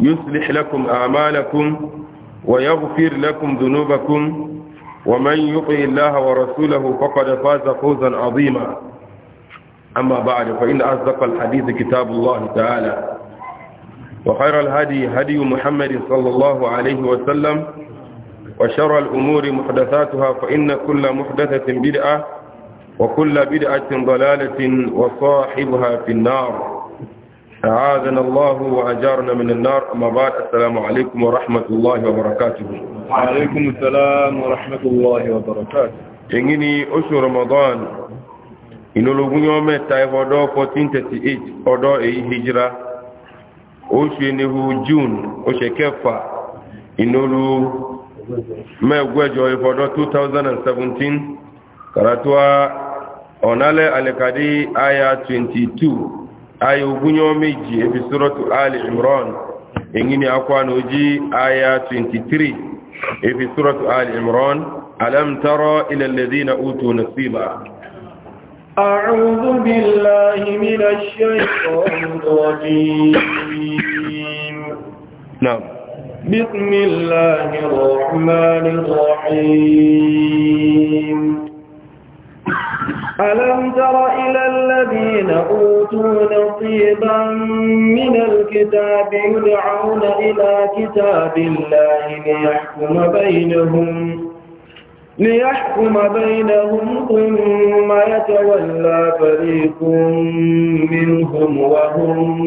يصلح لكم أعمالكم ويغفر لكم ذنوبكم ومن يطع الله ورسوله فقد فاز فوزا عظيما أما بعد فإن أصدق الحديث كتاب الله تعالى وخير الهدي هدي محمد صلى الله عليه وسلم وشر الأمور محدثاتها فإن كل محدثة بدعة وكل بدعة ضلالة وصاحبها في النار أعاذنا الله وأجارنا من النار أما بعد السلام عليكم ورحمة الله وبركاته عليكم السلام ورحمة الله وبركاته إنني أسو رمضان إنه لغن يوم التايف ودو 1438 ودو أي هجرة أسو إنه جون أسو كفا إنه ما يقوجه فدو 2017 كراتوا أنالي على كدي آية 22 aya ogunyo meji ebi suratu ali imran engini akwano ji aya 23 ebi suratu ali imran alam tara ila alladhina utu nasiba أعوذ بالله من الشيطان الرجيم نعم بسم الله الرحمن الرحيم ألم تر إلى الذين أوتوا نصيبا من الكتاب يدعون إلى كتاب الله ليحكم بينهم ليحكم بينهم ثم يتولى فريق منهم وهم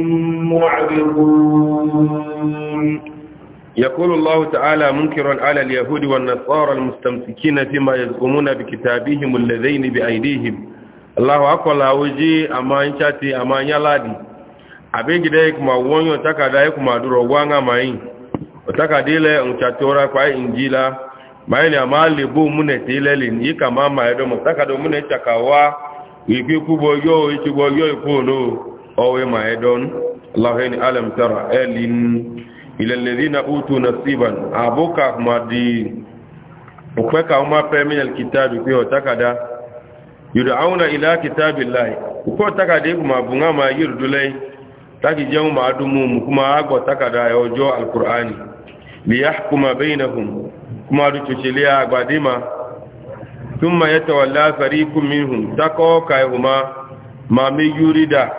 معرضون يقول الله تعالى منكرا على اليهود والنصارى المستمسكين فيما يزعمون بكتابهم الذين بأيديهم الله أقول أوجي أما إنشاتي أما يلادي abin gida ya kuma wanyo takada ya kuma duro wanga mai takadile unchatora kwa injila mai ne amali bu mune tilelin yika mama edo mutakado mune chakawa ikwi kubo yo ichibo yo ikuno owe maedon allaheni alam tara elin ilalladhina utu nasiban abuka madi ukweka uma min alkitabi kwa takada yud'auna ila kitabillahi uko takade kuma bunga ma yurdulai taki jamu ma adumu kuma agwa takada ya ojo alqur'ani liyahkuma bainahum kuma duchuchilia agwadima thumma yatawalla fariqun minhum takoka huma ma miyurida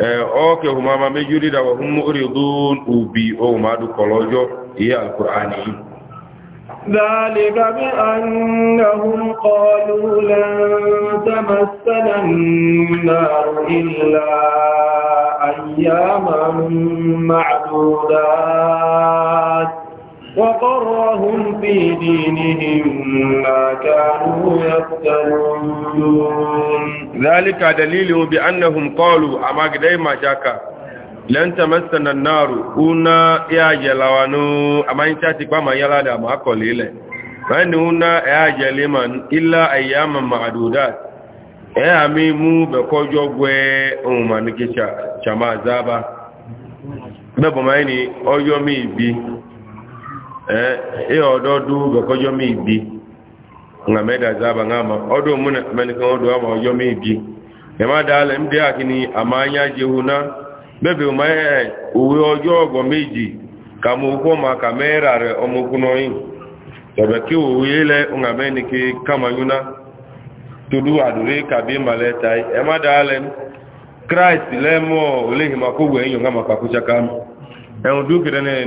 Eh, oke humama me yurida wa hum muridun ubi o madu kolojo iya alqur'ani ذلك بأنهم قالوا لن تمسنا النار إلا أياما معدودات وغرهم في دينهم ما كانوا يفترون ذلك دليل بأنهم قالوا أما دائما شاكا لن تمسنا النار أنا يا جلوانو أما إن شاتك ما يلا دا ما قليل فإن أنا يا جلمان إلا أياما معدودات يا أميمو بكوجو بوي أمان كيشا شما زابا بابا مايني أو يومي بي e ọdọ du gọkọjọ mi bi nga mẹ́ta zaba nga ma ọdọ mú mẹ́nìkan ọdọ ama ọjọ́ mi bi ẹ má da alẹ́ mbẹ́ àkíní àmà ányá jẹhu ná bẹ́ẹ̀ o máa ẹ̀ òwe ọjọ́ ọgbọ̀ méjì ka mo kọ́ ma ka mẹ́ra rẹ̀ ọmọkùnrin ọyìn tọ̀bẹ̀ kí òwe lẹ́ nga mẹ́nìkì kàmáyún ná tolu àdúré kàbí malẹ̀ ta ẹ má da alẹ́ christ lẹ́mọ̀ oléhìmá kó wẹ̀ ẹ̀yàn nga ma kàkúṣaká ẹ̀hùn dúkìrẹ́ náà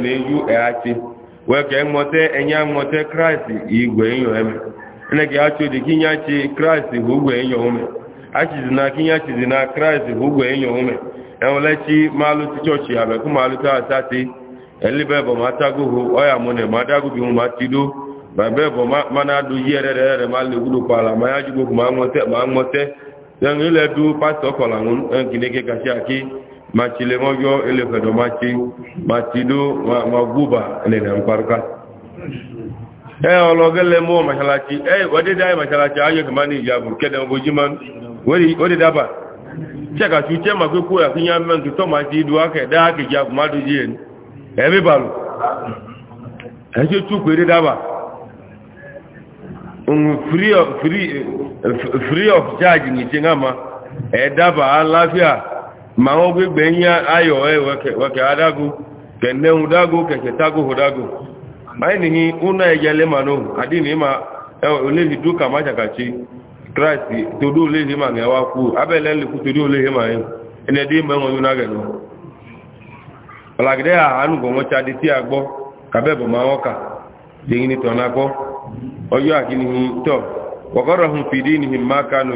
weke e nweta enye nweta kraịst igwe enyo eme ene ka achọ dị kinyachi kraịst bụ ugwe enyo ume achizi na kinyachizi na kraịst bụ ugwe enyo ume enwelechi malụti chọọchị abeku malụta asati elibe bụ mataguhu ọya mụ na madagubi mụ matido babe bụ mana adu yi ere ere ma legwuru kwala ma ya jigbo ma nwete ma nwete then ile du pastọ kọla nkideke kachi aki machi le mojo ele fedo machi machi do maguba ele na mparka eh ologele mo mashalachi eh wode dai mashalachi ayo kamani yabu kede obojiman wori wode daba cheka chuche magwe ko ya kinya mentu to machi do ake da ake jabu do jien eh be balu eh je chu kwere daba un free of free eh, free of charge ni tengama eh daba alafia ma wọn gbégbé ń yá ayọ̀ ẹ wẹ̀kẹ̀ adágún kẹ̀ndẹ̀hun dágún kẹ̀kẹ̀ tágún hodágún báyìí nìyí ó náà ẹ̀yẹ lẹ́mà náà àdínì ma oléhì dúkà má ṣàkàtí christ tòdó oléhì ma ní ẹwà kú abẹ́lẹ́ lè kú tòdó oléhì ma yẹn ẹni ẹdí mẹ́wọn yóò náà gẹ̀lú ọ̀làgídẹ́ àánú má kánú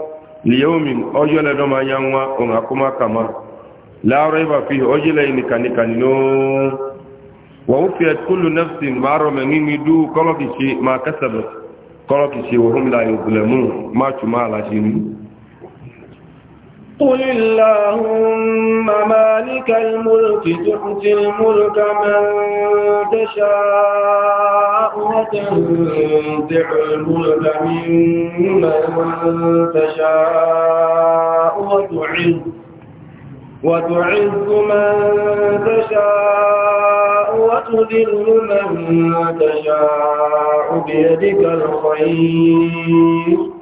liyomin ojo le do ma nyanwa on akuma kama la raiba fi ojo le ni kanika ni no wa ufiyat kullu nafsin ma rama ngimi du kolo kichi ma kasabat kolo kichi wa hum la yuzlamun ma chuma la shinu قل اللهم مالك الملك تؤتي الملك من تشاء وتنزع الملك من تشاء وتعز وتعز من تشاء وتذل من تشاء بيدك الخير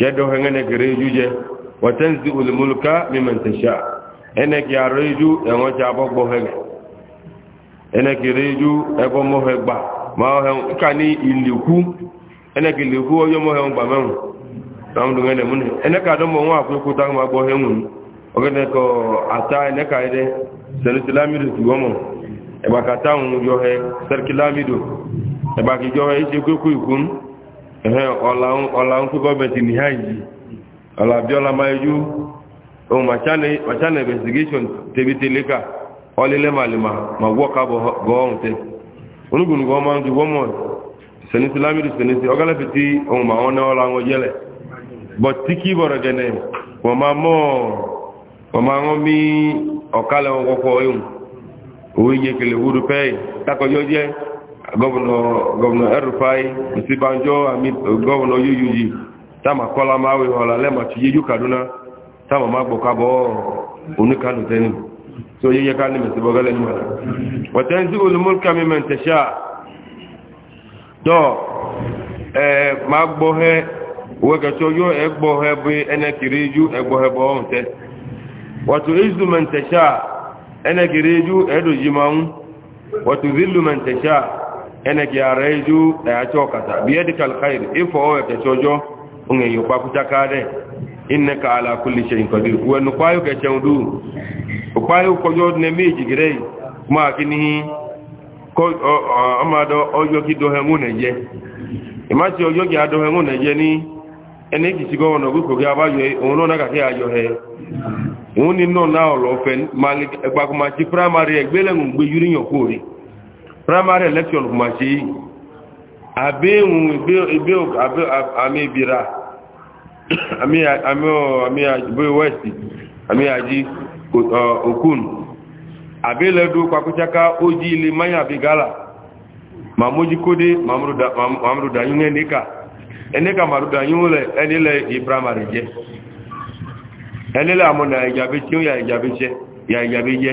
kedo hengene gerejuje watanzi ulmulka mimman tasha ene ki areju enwo cha bogbo hege ene ki reju ebo mo gba ma he kani iliku ene ki liku oyo mo he ngba mewu tam du mun ene ka do mo wa ku ku ma he mun ko ata ene ka ide ti gomo e ba ka yo he e ba ki jo he ku ehe ọla nkwe gọọmenti na anyị ji ọla abịọla ma eju machana investigation tebitele ka ọlele malima ma gwọ bụ gọọ nwute onugun gọọ ma senisi lamiri senisi ọ galafeti ụmụ ma ọ na wọ́n máa mọ́ wọ́n máa mí ọ̀kálẹ̀ wọn kọ́kọ́ ẹ̀hùn òun yẹ wúdú pẹ́ẹ́ jẹ́ Gọvanọ gọ́vùnà ẹrùfáì ìsìbánjọ́ àmì Gọvanọ uh, yóyúyí Tama kọ́lá máa wé ọ̀la lẹ́mà tí Kaduna, Tama táàmà máa gbọ̀kábọ̀ oníkàdù tẹ́ni tí ó yíyẹ ká ní mẹ̀sìbọ́gẹ́lẹ́ ní wàlá wọ̀tẹ́ ń tí olùmọ́lùkà mi mẹ́ntẹ̀ṣà ẹ máa gbọ́ hẹ́ wẹ́gẹ̀tọ́ yó ẹ gbọ́ hẹ́ bí ẹnẹ kiri ju ẹ gbọ́ ẹnẹ kiri ju eneki areju eacho kata biyadika alkhair ifo owe kechojo unge yokwa kuchakade innaka ala kulli shay'in qadir wenu kwayo kecheudu kwayo kojo ne na girei ma kini ko amado ojo kido hengune je imachi ojo gi ado je ni eneki sigo no guko gi abayo ono na kake ayo he oni no na olofen malik egba kuma primary egbele ngbe yuri primary election kuma ṣe yìí àbẹ́hùn àmì ìbìrà àmì àjùbọ̀ west àmì àjí okun àbẹ́lẹ́dú pàkúṣáká ó jí ilé mayà àbí gala mamoji kode mamudu dayun ẹnika ẹnika mamudu dayun lẹ ẹnilẹ ìpramari jẹ ẹnilẹ àmọ́nà ìjàbẹ́ tí ó yà ìjàbẹ́ jẹ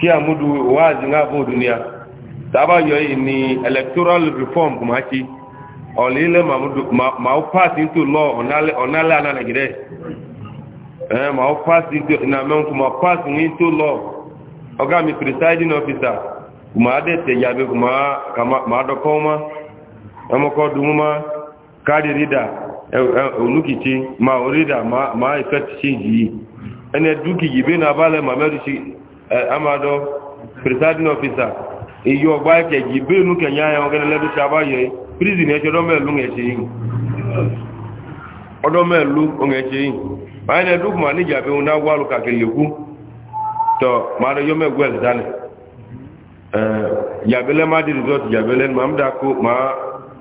kí àmúdù wáàzì ń àbò dúnìá tàbáyọ yìí ni electoral reform kò máa ṣe ọ̀lẹ́ ilẹ̀ màá pass into law ọ̀nàlẹ́ anàgídẹ́ ẹ̀ màá law mi presiding officer kò dẹ̀ tẹ̀yàbẹ̀ kò máa dọ́kọ́ ọmọ ẹmọkọ́ dùnmọ́ máa rídà olùkìtì máa orídà máa effect change yìí ẹni bí Eh, amado presiding officer èyí ọgbà ẹ̀kẹ̀jì bẹ́ẹ̀nù kẹ̀yà ayẹ́ ọgẹ́lẹ́ lẹ́dún tí a bá yẹ prison ẹ̀ṣẹ́ ọdọ́mẹ́lú ẹ̀ṣẹ́ yìí ọdọ́mẹ́lú ẹ̀ṣẹ́ yìí báyìí ní ẹ̀dùn kùmà níjà bẹ́ẹ̀ náà wà lùkà kẹlẹ̀kú tọ́ máa rẹ yọmẹ́gbẹ́ ẹ̀ dálẹ̀ eh, yàbẹ́lẹ́ má di resort yàbẹ́lẹ́ máa ń dàkó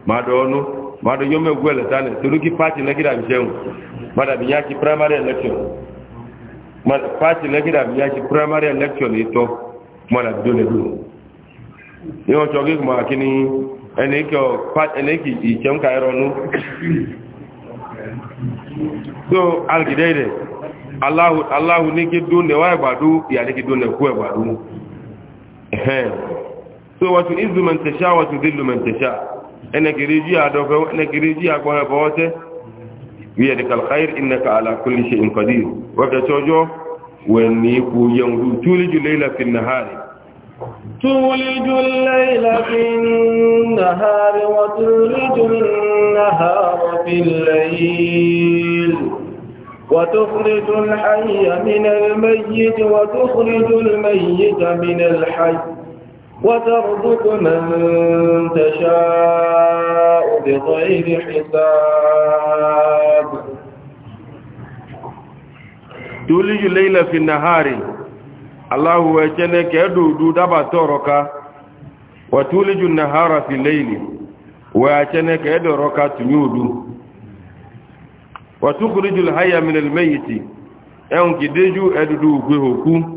máa dọ́ọ́nú máa rẹ yọmẹ́gbẹ́ ẹ̀ dálẹ̀ torí kí pàtì lẹ́kìdàbí sẹ́wọ̀n pati lẹ́gídà bí i primary election ìtọ́ mọ́nà dúdú ní ọjọ́ gígùn máa kí ní ẹnìkì ìjẹunka ẹrọnú so algide rẹ̀ aláhù ní kí dún nẹwà ẹgbàdú ìyà ní kí dún nẹkú ẹgbàdú so wọ́n tún ìzùmẹ̀ntẹ̀ṣà wọ́n tún dìlùmẹ̀ntẹ̀ṣà ẹnẹ̀kìrí jí àdọ́fẹ́ ẹnẹ̀kìrí jí àgbọ̀n ẹ̀bọ̀ ọ́tẹ́ بيدك الخير إنك على كل شيء قدير وكتوجو ونيكو يوم تولج الليل في النهار تولج الليل في النهار وتولج النهار في الليل وتخرج الحي من الميت وتخرج الميت من الحي وترزق من تشاء بغير حساب تولج الليل في النهار الله وجنك يدود دبا تورك وتولج النهار في الليل وجنك يدرك تنود وتخرج الحي من الميت أنك دجو أددو بهكم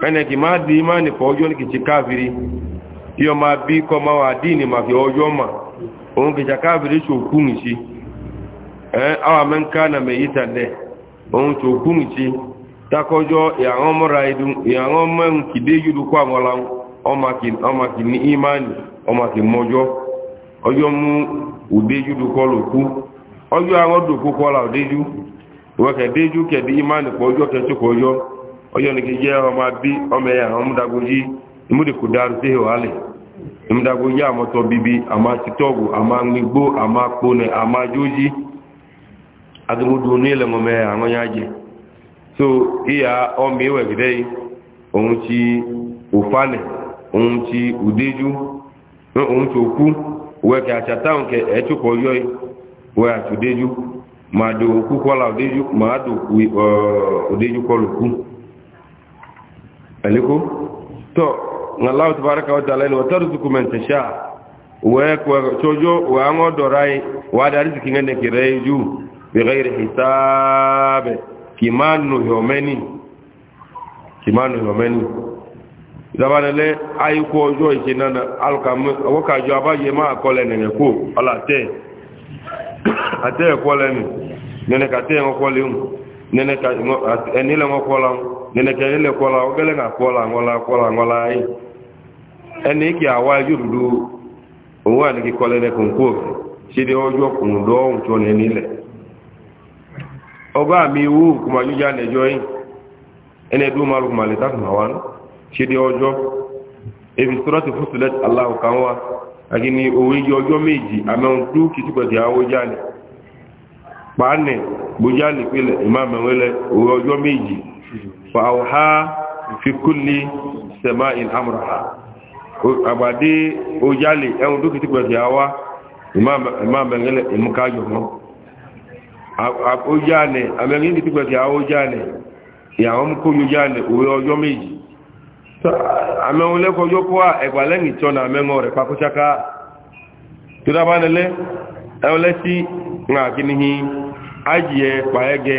ẹnẹ̀kì máa di máa nìfọ ọjọ́ ní kìí káàfìrí yọ máa bí kọ máa wà dí ní màfi ọjọ́ mà òun kìí káàfìrí ṣòkú nìṣí ẹ àwọn amẹ́ńká nà mẹ́yìí tàdẹ̀ òun ṣòkú nìṣí takọjọ́ ìyàwó mọ́ra ìdún ìyàwó mẹ́rin kìdé yìí lukọ́ àwọn ọlọ́run ọmọ kì ní ìmáàni ọmọ kì mọ́jọ́ ọjọ́ mú òdéjú dùkọ́ lòkú ọjọ́ àwọn dòkú kọ́lá oyo ni kije o ma bi o me ya o mudago ji imudi ku daru se o ale imudago ya mo to bibi ama titogu ama ngbo ama pone ama joji le mo me so iya o mi we gidei ohun ti ofane ohun ti udeju ohun ti oku we ke achataun ke e chuko yoyi we atudeju ma do oku kola udeju ma do oku uh, udeju aliko to ngallahu tabaaraka wa ta'ala wa tarzuqu man tasha wa ko chojo wa ngo dorai wa da riziki ngene kireju bi ghairi hisab kimanu yomeni kimanu yomeni dabana le ayi ko ojo ise nana alkam wo ka jo abaye ma ko le nene ko ala te ate kole. le ni ka te ngo ko le nene ka ngo enile ngo ko neneke ele kwọla ogele na kwọla nwọla kwọla nwọla anyị ẹni ike awa yorùdú òun wà ní kíkọ́ lẹ́lẹ́kùn kó ṣíde ọjọ́ kùn lọ́wọ́n tó ní nílẹ̀ ọba mi wú kùmà yíyá nẹjọ́ yìí ẹni ẹdún máa lùkùmà lè wá ebi ti fún sílẹ̀ aláwọ̀ kan wá àti ní òun yí ọjọ́ méjì tó àwọ̀ فأوحى في كل سماء أمرها أبادي أجالي أو دوك تقول يا وا إمام إمام بنجل مكاجم أجاني أمين تقول يا وا أجاني يا هم كم أجاني ويومي àmẹ́ òun lẹ́kọ̀ọ́ yóò kó ẹ̀gbà lẹ́yìn ìtọ́nà àmẹ́mọ́ rẹ̀ pàkúṣáká tó dábánilẹ́ ẹ̀ọ́lẹ́sí ní àkíníhìn ájìyẹ pàẹ́gẹ́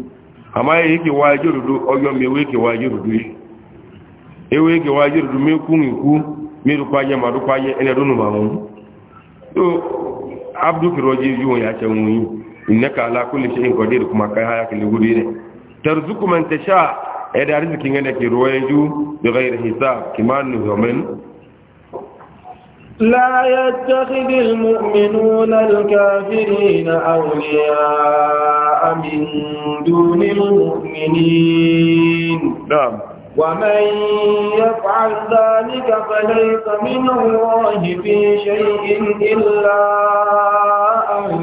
amaghị ekewa jerudo ọyọ ma ewe ekewa jerudo ewe ekewa jerudo mekwu nkwu merụkwanye ma rụkwanye enedunu ma nwụ so abdukirọji ji nwe ya che nwunyi innaka ala kulli shay'in qadir kuma kai haya kulli gudire tarzuku man tasha eda rizqi ngene ki ruwaye ju bi ju hisab kiman ni yomen لا يتخذ المؤمنون الكافرين أولياء من دون المؤمنين نعم ومن يفعل ذلك فليس من الله في شيء إلا أن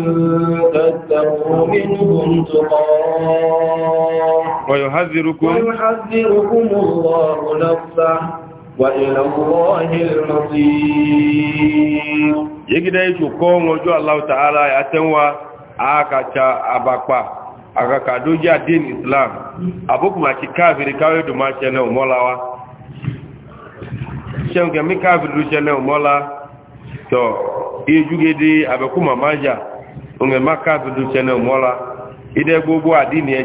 تتقوا منهم تقاه ويحذركم, ويحذركم الله نفسه وإلى الله المصير يجد يشكون وجو الله تعالى يتنوى akacha abakpa akaka doji adin islam abokum aki kafiri kawe do ma chene umolawa shenke mi kafiri do chene umola to ijugede abekuma maja unge ma kafiri do chene umola ide gbogbo adin e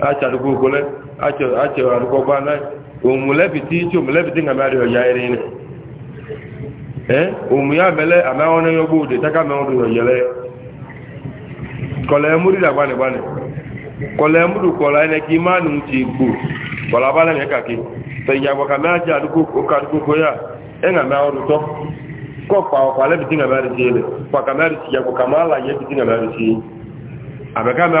achadugbo gbole ache adugbo gba na omu lẹbiti tí omu lẹbiti nga mẹ́rin ọ̀yà ẹ̀rin ni ẹ́ omu ya mẹ́lẹ́ àmẹ́wọn ní ọgbọ́ òde tákà mẹ́wọn ní ọ̀yà lẹ́ kọlẹ̀ ẹmúrí dà gbani gbani kọlẹ̀ ẹmúrí kọlẹ̀ ẹni kí má nù ti gbò kọlẹ̀ abalẹ̀ ní kàkí tẹ̀yà gbọ̀kà mẹ́ àti adugbo kọ adugbo kọ yá ẹ̀ nga mẹ́wọn tọ́ kọ́ pa ọ̀pọ̀ alẹ́biti nga mẹ́rin ti yẹlẹ̀ pàkà mẹ́rin ti yẹ kọ̀kà má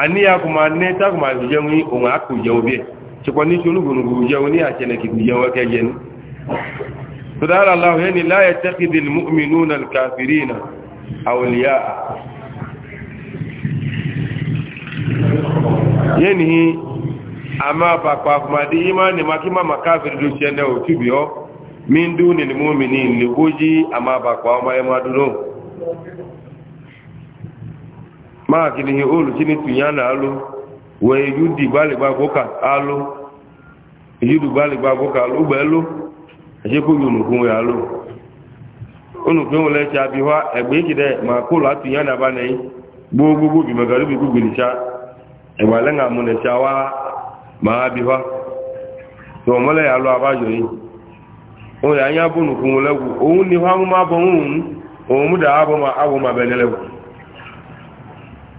àníyà kò máa ní tákù máa jẹ́ ní òun àkù jẹun bí ẹ̀ ṣùgbọ́ ní ṣe olúgbòrògbò jẹun ní àṣẹlẹ̀kìkù jẹun ọkẹ́ jẹun tó dára aláwọ̀ ẹni láyẹ tẹ́kìdì mọ́mìnú na kàfìrí na àwòlíyà yẹ́ni a máa pàpà àkùmàdé ìmá ni maa kini ihe olu chini na alụ wee yudi gbalịgba alụ yudu gbalịgba gwụka alụ ụgbọelu ejekwughị unukwu alụ unukwu nwere eche abịhụa egbe ikide ma kụlụ atụnya na aba nayi gboo bi magara ubi gwugwiricha egbale na ma ha bịhụa ya alụ abajoyi onye anya bụ unukwu nwere egwu owu bụ nwunwu onwe ma abụ ma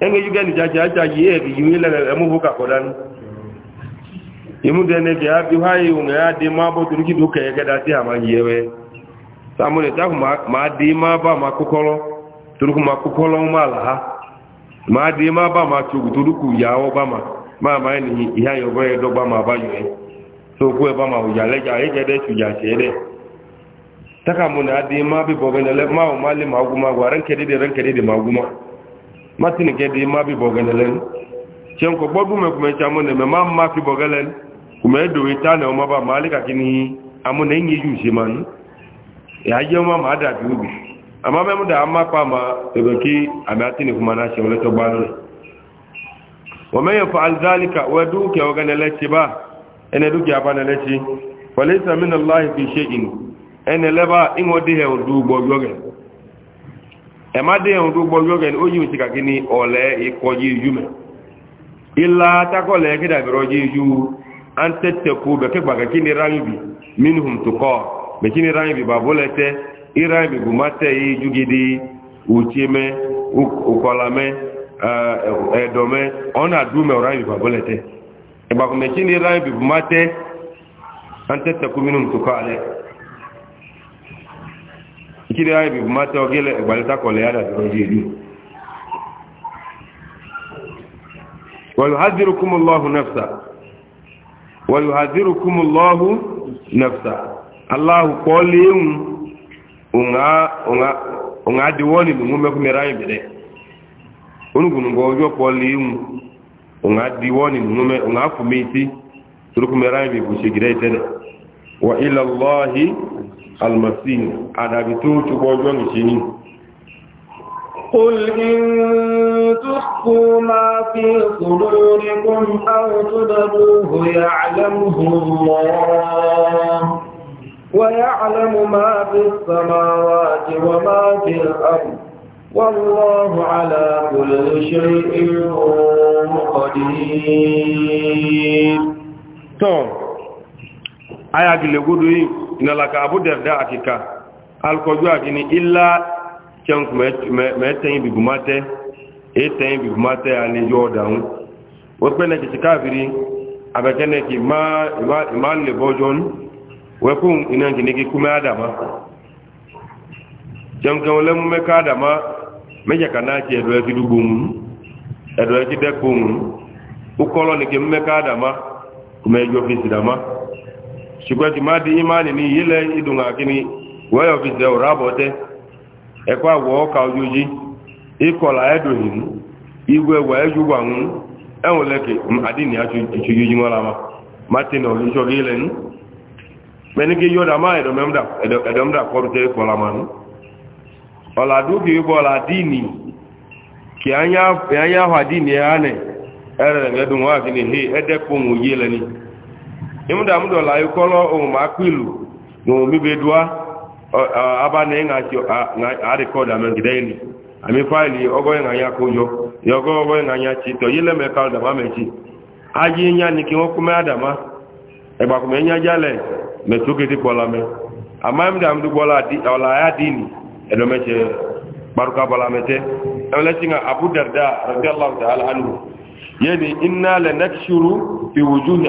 enge yuga ni jaji aja ye ki yimile emu buka kodan imu dene ke abi hayi unga ya de mabo turiki duka ye ha ti ama yewe samune ta ma ma de ma ba ma kokolo turuku ma kokolo ma la ma ma ba ma ma ma ma ni iya yo ya ma a yo ma ya ma bi le ma ma ma matini kedi ma bi bogenelen chen ko bobu me kuma chamo ne me ma ma fi bogelen kuma do ita ne o ma ba malika kini amu ne ngi ju jiman ya e je ma ma da bi ubi ama me mu da ma pa ma ebe ki amatini kuma na che ole to banu wa man yaf'al zalika wa du ke ogenele chi ba ene du ke abana le chi falaysa min allahi fi shay'in ene leba ingo de he o du bo yogen ẹ̀mádé ohun tó gbọ́jọ́ gẹ̀ ní ó yíò sí kàkí ní ọ̀lẹ́ ìkọjí ijú mẹ́ ilá takọ̀lẹ̀ kídàbìrọjí ijú an tẹ́tẹ̀kú bẹ̀kẹ́gbàkẹ́ kí ni ráyìnbì minhum tó kọ́ bẹ̀kí ni ráyìnbì bàbó lẹ́tẹ́ ìráyìnbì gùnmátẹ́ ijú gidi òtíemẹ́ òkọlamẹ́ ẹ̀dọ̀mẹ́ ọ̀nà àdúmẹ́ ráyìnbì bàbó lẹ́tẹ́ ni ráyìnbì gùnmátẹ́ an minhum tó kọ́ alẹ́ kiri ayi bi mata ogele egbalita kọle ya dàbí ọjọ ìlú wàlúhàzírùkúmùlọ́hù nẹ́fṣà wàlúhàzírùkúmùlọ́hù nẹ́fṣà aláhù kọ́lé ń òun àdíwọ́ nìlú mú mẹ́kún mẹ́ra yìí bẹ̀rẹ̀ onígbùnùgbọ̀ ọjọ́ kọ́lé ń òun àdíwọ́ nìlú mú mẹ́ra bẹ̀rẹ̀ almasin àdàbí tó ṣùgbọ́ ọjọ́ nìṣe ní قل إن في صدوركم أو تبدوه يعلمه الله ويعلم ما في السماوات وما في الأرض والله على كل شيء قدير aya gile gudu yi ina laka abu darda akika alkoju akini illa can me tayin bi gumate e tayin bi gumate ani yo daun o pe ina gine ki kuma adama can kan le mu me ka adama me je kana ki edo ki dugum edo ki dekun ukolo ne adama kuma ejo ṣùgbọ́n ti máa di ìmáàlì ní ilẹ̀ ìdùn àkíní wẹ́yọ̀ fi zẹ̀ òrábọ̀tẹ́ ẹ̀kọ́ àwọ̀ ọkà ojójí ìkọlà ẹ̀dùn ìlú ìwé ẹ̀wọ̀n lẹ́kẹ̀ àdínì àtúnyójú wọn lára martin olùsọ ilẹ̀ ní mẹ́ni kí máa ẹ̀dọ̀mdà kọ́rù tẹ́ kọ́lá ma a yáhọ̀ àdínì ẹ̀ ịmụda m dọla ịkọlọ omume na omebedua aba na ịarịkọda megide elu ami faịlụ ọgọ ịṅanya kụjọ ya ọgọ ịṅanya chi yile meka mechi aji ịnya ịnya jale kpọla me m dụgbọla ọla ya dini edomeche kparuka bọla mete ẹlẹ́tí nga abu darda ta'ala anhu yẹni inna lẹ́nẹ́kṣuru fi wujuhi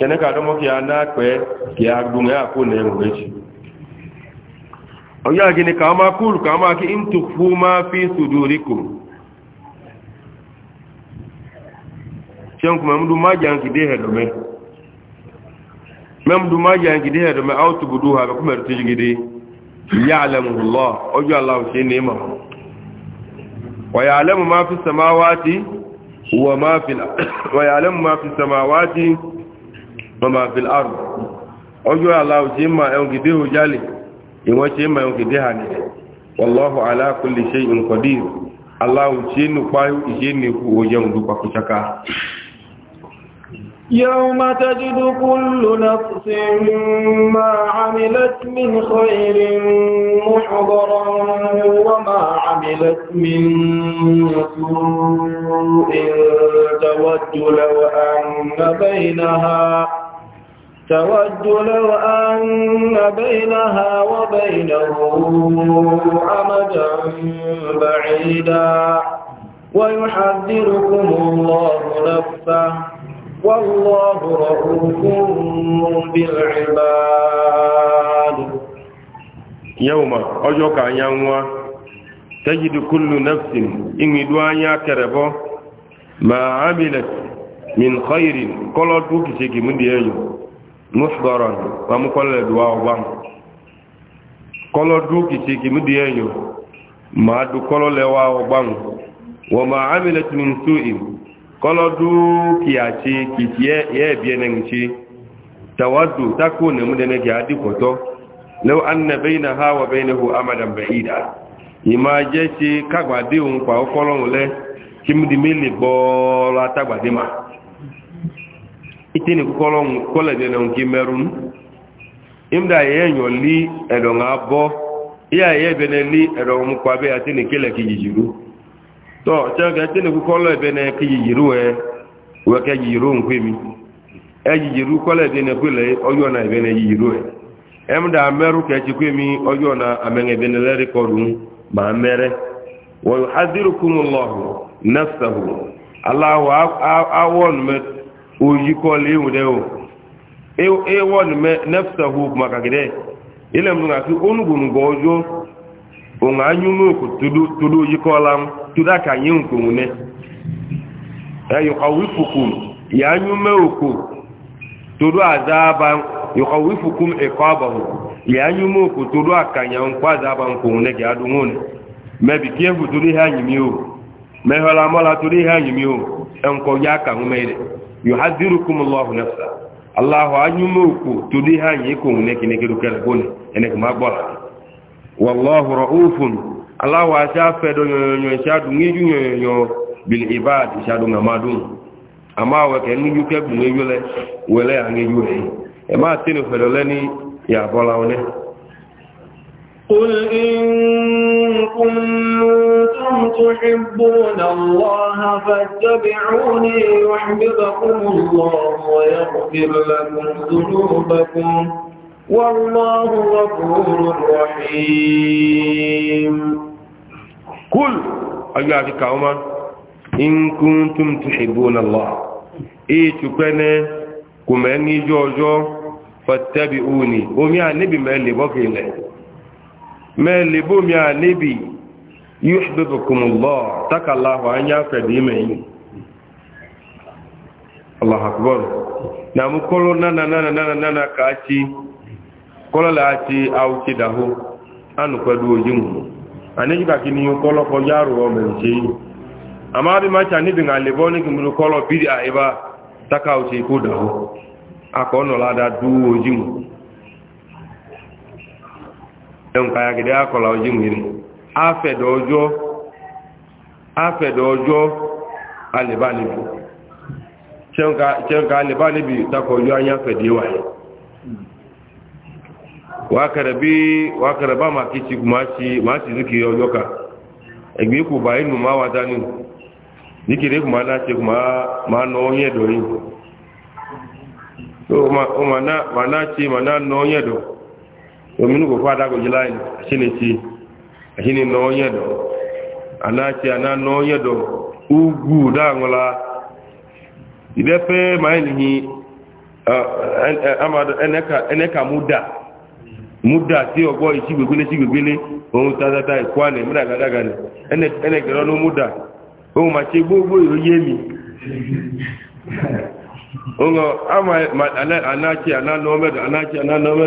kene ka domo ki ana pe ki agbunga ya ko ne ngwechi oya gini ka ma kul ka ma ki intufu ma fi sudurikum chen kuma mdu majan ki de hedome mem du majan ki de hedome autu buduha ka kuma rutu gidi ya'lamu allah ojo allah shi ne ma wa mama fil ardu ojo ala uji ma en gide o jale iwon ti ma en gide hani wallahu ala kulli shay'in qadir allah uji nu payu ije pa kuchaka يوم تجد كل نفس ما عملت من خير محضرا وما عملت من سوء تود لو بينها تود لو أن بينها وبينه أمدا بعيدا ويحذركم الله نفسه والله رؤوف بالعباد يوم أجوك أن ينوى تجد كل نفس إن دوانيا كربو ما عملت من خير كل توكي شكي من ديالي musgoron wa mu kolle duwa o bam kolo du ki ci ki mu diye yo ma du kolo le wa o bam wa ma amilat min su'in kolo du ki a ci ki ye ye bienen ci tawaddu takuna mu dene ga di koto law anna ha wa bainahu amadan ba'ida ima je ci kagbade un pa o kolo le ki mu di mili bo la tagbade ma itini kolon kole de non kimerun imda ye nyoli edo ngabo iya ye beneli edo mu kwabe atini kile kijiru to chaga atini ku kolo bene kijiru e we ka jiru nkwimi e jiru kole de ne kule oyo na bene jiru e emda ameru ke chikwimi oyo na amenge bene le rekordu ma mere wa yuhadhirukum allah nafsuhu allah awon ojikɔli ewu ɖe o ewɔ e nume nefsahu makagidɛ ilẹ̀ mu ŋàfi onugbonugɔ ɔdzo òŋà anyumó kò todo todo ojikɔla ŋu todo akanyi ŋkò ŋu nɛ ɛyɔ awi fuku yà anyumé oko tudu azaba yɔ awi fuku ɛkɔ abawo yà anyumé oko todo akanya ŋkò azaba ŋkò ŋu nɛ kì adu ŋu nɛ mɛ bi kí ɛfu todo ihe anyimi o mɛ hɔlamɔla todo ihe anyimi o ɛnkɔ e, ya aka ŋu mɛ yi dɛ. yuhadhirukum Allahu nafsa Allahu anyumuku tudi hanyi ko neki neki dukar bone enek magbara wallahu raufun Allahu ajafe do nyonyo chadu ngiju nyonyo bil ibad chadu ngamadum ama wa ke ni yuke bu yule wele angi yule e ma tinu fedoleni ya bola one قل إن كنتم تحبون الله فاتبعوني يحببكم الله ويغفر لكم ذنوبكم والله غفور رحيم قل أجعلك كاوما إن كنتم تحبون الله إيه تكني كماني جوجو فاتبعوني ومع النبي ما اللي بقي mee libo mi a nebi yuhibbukum allah takallahu anya fedi meyi allah akbar na mu kolo nana nana nana nana ka ci kolo la ci aw ci dahu anu ko du ojimu aneji ba kini yo kolo ko yaro o me ci ama bi ma cha ni bi ngale bo ni kimru kolo bi a iba takaw ci ku dahu akono la da du ojimu ẹnkà yàgìdẹ́ akọ̀lá ojú mi ni afẹ̀dọ̀ ọjọ́ afẹ̀dọ̀ ọjọ́ alẹ́bánibù ṣẹ́nkà alẹ́bánibù takọ̀ ojú anyá fẹ̀dẹ̀ wà wákẹ̀rẹ̀ bí wákẹ̀rẹ̀ bá ma kìí ṣìkú máa ṣì ní kìí ọjọ́ ká ẹgbẹ́ kò bá inú máa wá dání ní kìí kò máa náà ṣe kò máa nọ ọyẹ́ ẹ̀dọ̀ yìí ó ma náà ṣe ma náà nọ ọyẹ́ ẹ̀dọ̀ yìí ominu kò fún adágòjì láì na àṣínì nà ọ́yẹ́ dọ̀ anáàtì aná nà ọ́yẹ́ dọ̀ ugwu dáàmọ́lá ìdẹ́fẹ́ máa nìyí amadu ẹnẹ́ka múdà múdà tí ọgbọ́ ìṣí gbègbélé sí gbègbélé ohun tátátá ìkọ́ ànẹ̀ múdà gádága nì ní múdà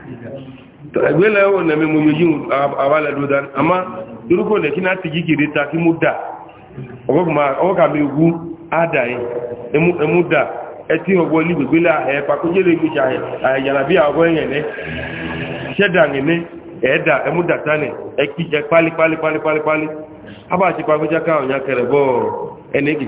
ẹgbẹ́lẹ̀ ẹ̀wọ̀n nẹ̀mí mo yóò yíò àwálẹ̀dó dání àmá irúkò nẹ̀ kí náà ti gígìrì ta kí mú dà ọgọ́kà mi wú ádà yìí ẹmú dà ẹtí ọgbọ́ ní gbègbélẹ̀ ẹ̀ẹ́pà kó jẹ́lẹ̀ ìgbèjì àyàrà bí àwọ̀ ẹ̀yẹ̀nẹ́ ṣẹ́dà ẹ̀nẹ́ ẹ̀ẹ́dà ẹmú dà tánẹ̀ ẹkí jẹ pálípálípálípálí abáṣe ya kẹrẹ bọ́ ẹni kìí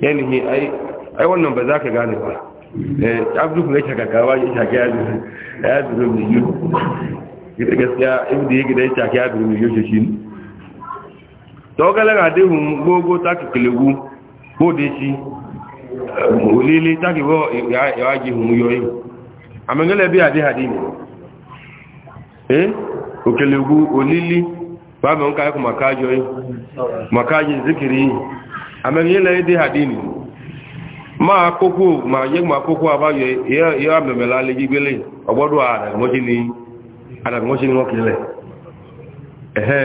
yanihi ai wannan ba za ka gane ba abduk na shakakawa ya shaka ya duru mai yiwu ita gaskiya inda ya gida ya shaka ya duru mai yiwu shi ne tọ́gẹ́lẹ́ àdéhùn gbogbo takìkìlẹ̀gú bóde sí olílé takìwọ́ ìwájì hùn yọ yìí àmẹ́gẹ́lẹ́ bí àdéhàdé ni eh òkèlẹ̀gú olílé bá mẹ́ ń káyẹ́kù màkájọ yìí màkájì zikiri yìí amẹ́yẹlẹ́ dé àdínì máa ni, ma yẹ́ ma ma ame kókó àbáyọ yẹ́ àmẹ́mẹ́lá lè gbígbélé ọgbọ́dọ̀ àdàgbọ́sí ni wọ́n kílẹ̀ ẹ̀hẹ́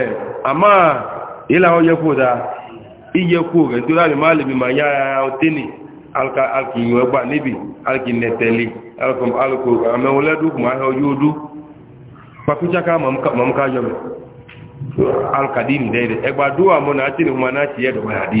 àmá ilá wọ́n yẹ́ kó dá iyẹ kó rẹ̀ tó láàrin máa lè bí ma yá ọtẹ́nì alkìyànwẹ́gbà níbi alkìnẹ̀tẹ̀lẹ̀ alkìnẹ̀tẹ̀lẹ̀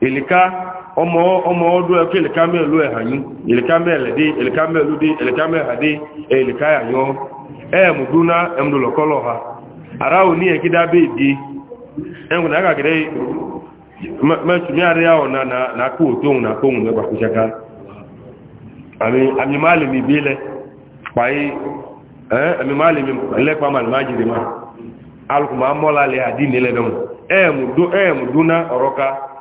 elika ọmọ ọmọ ọdún ẹkọ elika mẹ́lú ẹ̀hàyún elika mẹ́lẹ̀dé elika mẹ́lúdé elika mẹ́hàdé elika ẹ̀yọ́ ẹ̀mùdúnà ẹ̀mùdùlọ̀kọ́lọ̀ ha ara ò ní ẹ̀kídá bẹ́ẹ̀ dé ẹ̀hùn náà kàkẹ́rẹ́ mẹ́tùmí àríyá ọ̀nà nàkó tóun nàkó òun lẹ́gbà kó ṣaka àmì máa lè mi bí lẹ pàyé àmì máa lè mi lẹ́pàá màlì má jìrì má alùpùpù máa mọ́lá lẹ́ àdínilẹ́dọ̀mù ẹ̀mùdúnà ọ̀rọ̀ ká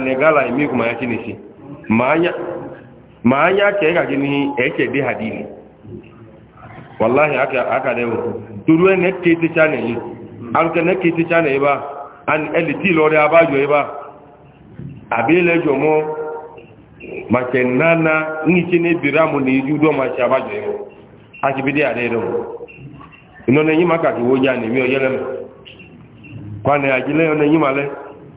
negala ime kuma ya chineke ma anya e ka ga gị n'ihe eche dị ha dili wallahi aka da ewu turu e ne ke ti chane yi aluka ne ke ti chane yi ba an eliti lori abajo yi ba abile jomo ma ke ni chi biramu ni a ti bidi ade do ino ne yi maka ki wo ni mi o yele kwa ne ajile ne yi male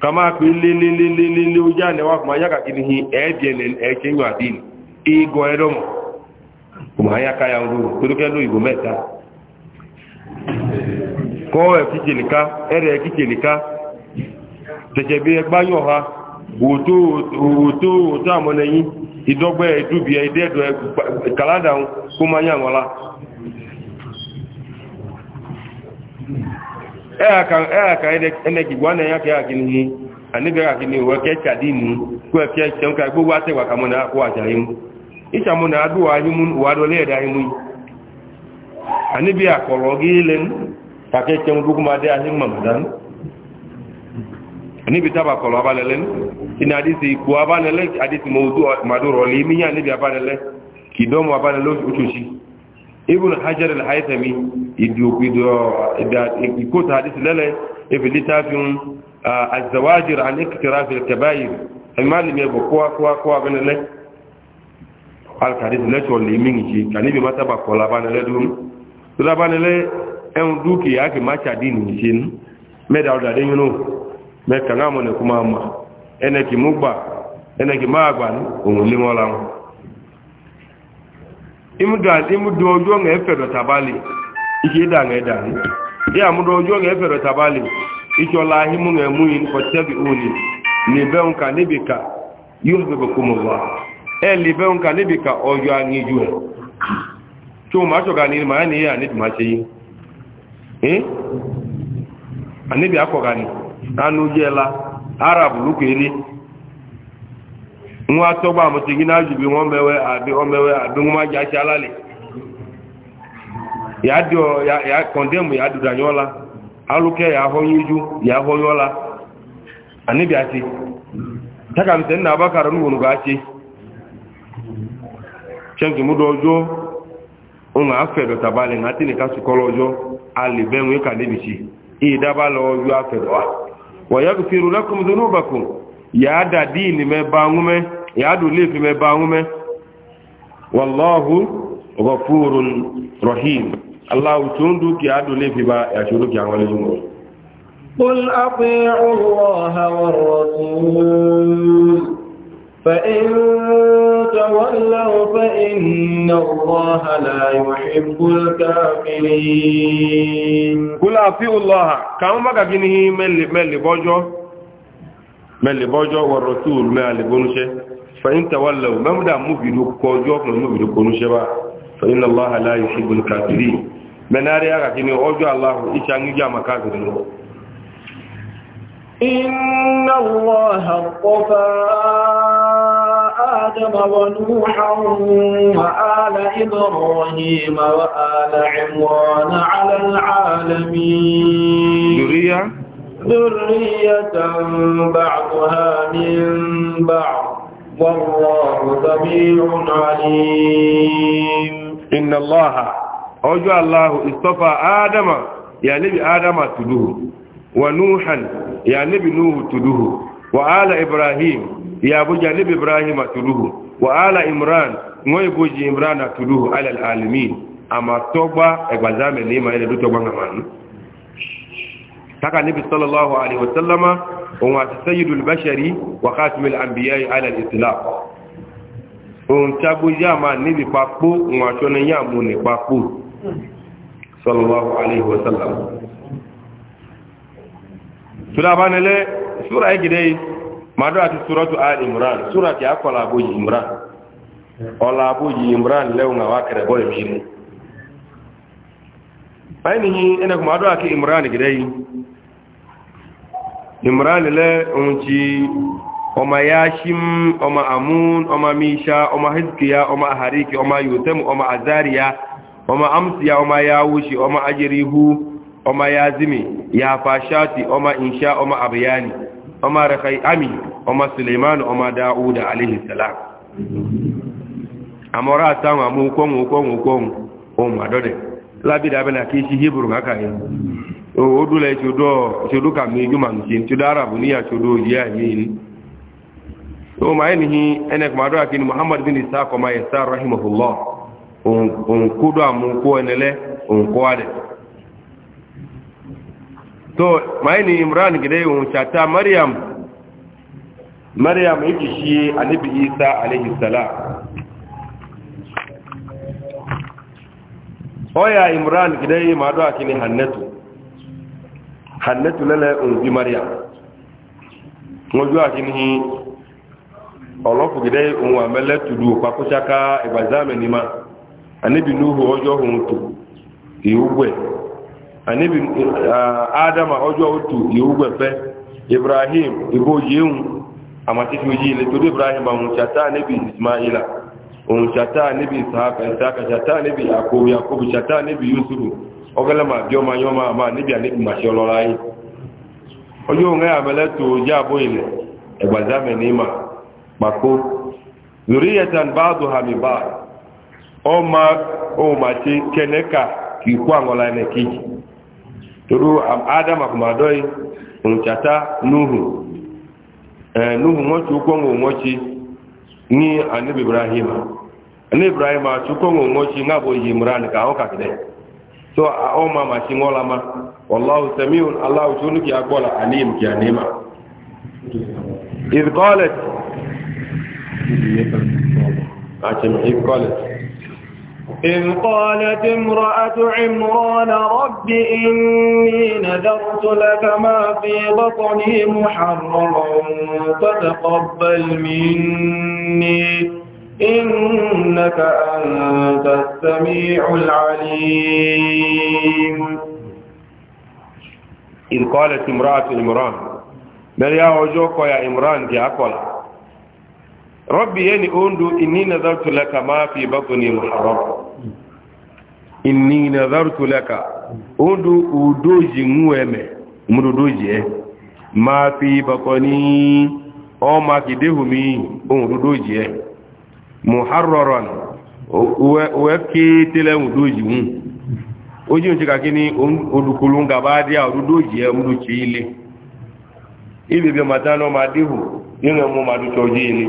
kama pe lelelelele o ja ne wa kuma ya ka kini hi e die ne e ke nyu adin igo edo mo kuma ya ya ru to ke lu igo meta ko e kijelika ere e kijelika teje bi e gba yo ha oto oto oto amone yin idogbe edubi e dedo e kalada ko ma ya wala ẹ̀ẹ́kì wà náà na ya àníbẹ̀ àkíní ìwọ̀ kẹ́ẹ̀kì àdínú kú ẹ̀kẹ́ ṣẹ́ǹkà gbogbo àtẹ́wà kàmọ́nà kó àjàyímú ìṣàmọ́nà àdúwà ayímú wàdọ́lẹ́ ẹ̀dà ayímú àníbẹ̀ àkọ̀rọ̀ gílẹ̀ tàkẹ́ ṣẹ́un gbogbo máa dé ayímú mamadan àníbẹ̀ tábà kọ̀rọ̀ abánilẹ́ iná ibn hajar al-haythami ikota hadisi lele ifi littafin azawajir an ikitirafi kabayir imalin ya kowa kowa kowa bane le alkadisi lecture limin ji ka nibi mata ba kola bane le dum tura bane le en duki ya ki macha dini shin me da da den yuno me kanga mo ne kuma ma ene ki mugba ene ki magba o mo imudu ọjọ́ ń ẹ̀fẹ̀rọ̀ tabali ike ìdàngẹ̀ ìdàngẹ̀ ní àmúdọ ọjọ́ ń ẹ̀fẹ̀rọ̀ tabali ìṣọ́lá ahimú ń ẹ̀mú yìí fọ́tẹ́bì òní lèbẹ́ǹkà níbìkà yóò bẹ̀bẹ̀ kó mọ̀ wá ẹ̀ lèbẹ́ǹkà níbìkà ọjọ́ àníjú ẹ̀ tó o máa ṣọ̀gà ní màá ní àníbi yìí nwa atọgbọ amụta gị na ajụbi nwa omewe adị omewe adị nwa ji achị alali ya dị kọndemụ ya dụdanye ọla alụke ya ahụnye iju ya ahụnye ọla anịbịachi taka mte nna abakara n'ugwonu ga achị chenki dị ọjọọ ụmụ afedo tabali na tinika sukọrọ ọjọọ alibenwe ka nebichi iyi dabala ọjọọ afedo a wa ya gufiru lakum zunubakum ya da dini me ba ngume ya du lefi me ba ngume wallahu ghafurun rahim allah tundu ki adu lefi ba ya shuru ki anwale jungo قل أطيعوا الله والرسول فإن تولوا فإن الله لا يحب الكافرين قل أطيعوا الله كما بقى جنه ملي ملي mẹ́lẹ̀ bọ́jọ́ wọ̀rọ̀ tí ò mẹ́ alẹ́ bónúṣẹ́ fẹ́yìn tẹ̀wọ́lẹ̀ ò mẹ́múdà múbìdó kọjọ́ ọkùnrin múbìdó kọnúṣẹ́ bá fẹ́yìn lọ́láhà láyé ṣígun kàfìrí mẹ́nàrí àkàkí ni ọjọ́ aláhùn iṣẹ́ anújẹ́ àmà káàkiri lọ. إن الله اصطفى آدم ونوحا وآل إبراهيم وآل عمران على العالمين ذرية ذرية بعضها من بعض والله سميع عليم إن الله أوجع الله اصطفى آدم يا نبي آدم تدوه ونوحا يا نبي نوح تدوه وآل إبراهيم يا أبو جانب إبراهيم تدوه وآل إمران ويبوجي إمران تدوه على العالمين أما توبة إبازام النيمة إلى دوتوبة taka nabi sallallahu alaihi wasallama on wa sayyidul bashari wa khatimul anbiya ala al-islam on tabu jama nabi papo on wa shona yamu ne papo sallallahu alaihi wasallam sura banale sura yake dai madu ati suratu ali imran sura ta akola aboji imran ola aboji imran lewu na wakere boye mini bayni ina kuma adu ake imran gidai imran le onchi oma yashim oma amun oma misha oma hizkiya oma hariki oma yutem oma azariya oma amsiya oma yawushi oma ajrihu oma yazimi ya fashati oma insha oma abyani oma rakai ami oma suleiman oma dauda alayhi salam amora tawa mu ko mu ko mu ko o ma dode labida bena kishi hibru ngaka yin odu la chodo chodo ka mi juma nti chodo arabu ni ya chodo je amin o ma eni hi ene ko madu muhammad bin isa ko ma yasar rahimahullah on on kudo amun ko enele on ko ade to imran gide on chata maryam maryam yiki shi isa alayhi salam oya imran gide madu akin hannetu. hannatu lẹ́lẹ̀ òǹdí mariam wọ́n jú àti ní ọlọ́pùgidẹ́ ohun àmẹ́lẹ́ tudu òpapọ́sáká ìgbàzámẹ́ ní ma aníbi núhù ọjọ́ ohun tù ìhúgbẹ̀ aníbi ibrahim ìbò yéhùn àmàtítí ibrahim àwọn ṣàtà níbi ismaila ohun ṣàtà níbi isaac ṣàtà níbi yakubu yakubu yusufu ọgọ́lẹ́mà bí ọmọ yọ́ máa máa níbi àníbi màṣẹ ọlọ́ra yìí ọjọ́ òun ẹ́ àmẹ́lẹ́tò jáàbó ilẹ̀ ẹ̀gbàzámẹ̀ ní mà pàkó lórí ẹ̀tàn bá dùn àmì bá ọmọ ohun màṣẹ kẹ́nẹ́kà kì í kó àngọ́lá ẹ̀nẹ́ kejì torú adam àkùmàdọ́ yìí òǹtàtà núhù núhù wọ́n ti kọ́ wọn wọ́n ti ní àníbi ibrahim àníbi ibrahim àti kọ́ wọn wọ́n ti ń so àwọn ọmọ àmà tí wọ́n la ma wọ́láwù samiun aláwù tó ní kí a gbọ́la alim kí a níma ìdíkọ́lẹ̀t إذ قالت امرأة عمران رب إني نذرت لك في بطني محررا فتقبل مني إنك أنت السميع العليم إذ قالت امرأة إمران، بل يا وجوك يا عمران يا أقول ربي يني أندو إني نذرت لك ما في بطني محرم إني نذرت لك أندو أدوجي موامي مدوجي ما في بطني أو ما كدهمي أندوجي muharraran uwe kitile udoji um, mu oji nche ka kini odukulu nga ba di a odoji e mduchi ile ibe bi mata no ma dihu yene mu ma duchi oji ile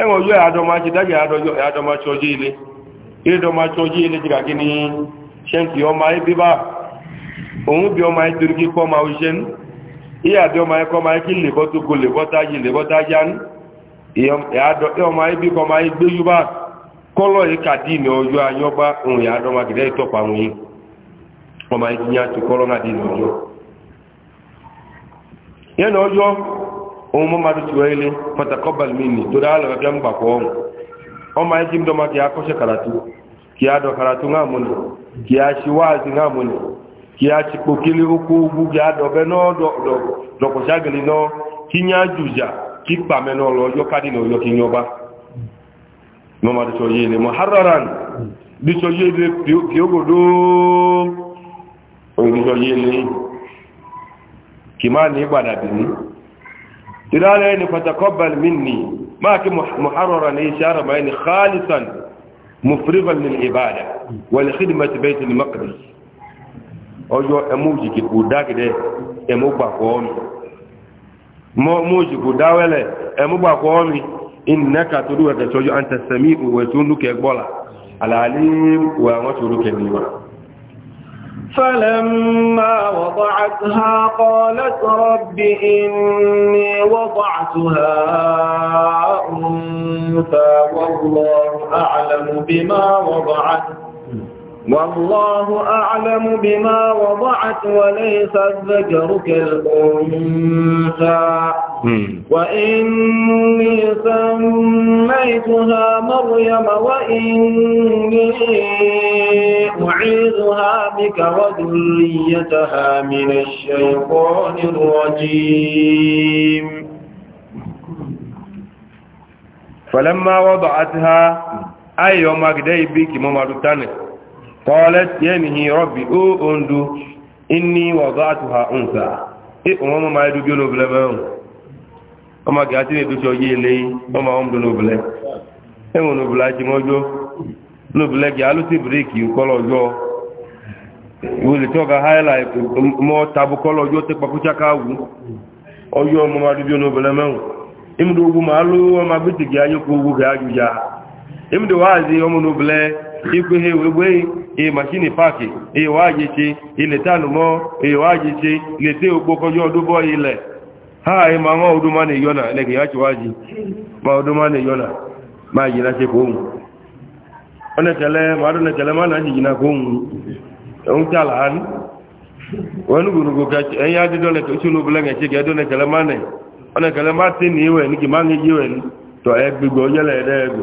enwe yo ado ma chi daji ado yo ado ma chi oji ile ido ma chi oji ile ka kini shenki o ma ibi ba ohun bi o ma iturki ko ma ojen iya bi o ma ko ma ki le botu ko le botaji le botajan ọmọ ibi kọ ma gbé yúbá kọ́lọ̀ ìka dínà ọjọ́ ayọ́gbá ohun ìyàdọ́mà gẹ̀rẹ́ ìtọ́pà wọn yìí ọmọ ibi ní àti kọ́lọ̀ náà yẹn na ọjọ́ ohun mọ́ máa tiwọ́ ilé pàtàkọ́ balmini tó dá lọ́wọ́ gẹ́m gbàkọ́ ọ̀hún ọmọ karatu wáàzì okó ogun náà kípa mẹ́nà ọlọ́jọ́ kádìnà ọjọ́ kí ní ọba mọ́má dìṣọ́ yé lè mọ́ hararan dìṣọ́ yé lè kí ó gòdó orí dìṣọ́ yé lè kì máa ní ìgbàdà bìní ìdálẹ́ ni fatakọ́bal minni máa kí muharraran ní iṣẹ́ ara mai ni khalisan mufrigan lil ibada wal khidmati bayt al maqdis ojo emu jiki ku dagide emu gbagbo mi mọ́mọ́jìkò dáwẹ́lẹ̀ ẹmúgbàkọ́ ọmọ ìnẹ́ka tó dúwẹ̀ tẹ̀sọ́jú an tẹ̀sẹ̀mí ìwẹ̀ tó ń lúkẹ gbọ́la alàálé wà wọ́n tó lúkẹ níwà فلما وضعتها قالت رب إني وضعتها أنثى والله أعلم بما وضعت والله أعلم بما وضعت وليس الذكر كالأنثى وإني سميتها مريم وإني أعيذها بك وذريتها من الشيطان الرجيم فلما وضعتها أي يوم أقدي بك ممرتنك قالت يمه ربي او اندو اني وضعتها انثى اي امم ما يدو بيو بلمن اما غاتي دو شو يلي اما ام دو نوبل اي ونو بلاجي موجو جالو تي بريكي كولوجو wòle tí ọ̀gá highlight mọ́ tabukọ́lọ̀ ọjọ́ tí pàkúchá káàwù ọmọ máa ogun máa ọmọ ogun wáàzí ọmọ ikwehe wegbe iye mashini paaki iye waaji ti ile tanumo iye waaji ti lete ogbokojo odubo ile ha iye ma wọn oduma ne yona lẹgbẹ ya ti waaji ma oduma ne yona ma na se ko ohun onetele ma do netele ma na yina ko ohun ohun tala ani guru gburugburu ka ẹyin adi dọlẹ tó ṣe olóbulẹ ń ṣe gẹdọ netele ma nẹ onetele ma ti ni iwe ni kì ma ń yí iwe ni tọ ẹgbẹgbẹ ọjọlẹ ẹdẹ ẹgbẹ.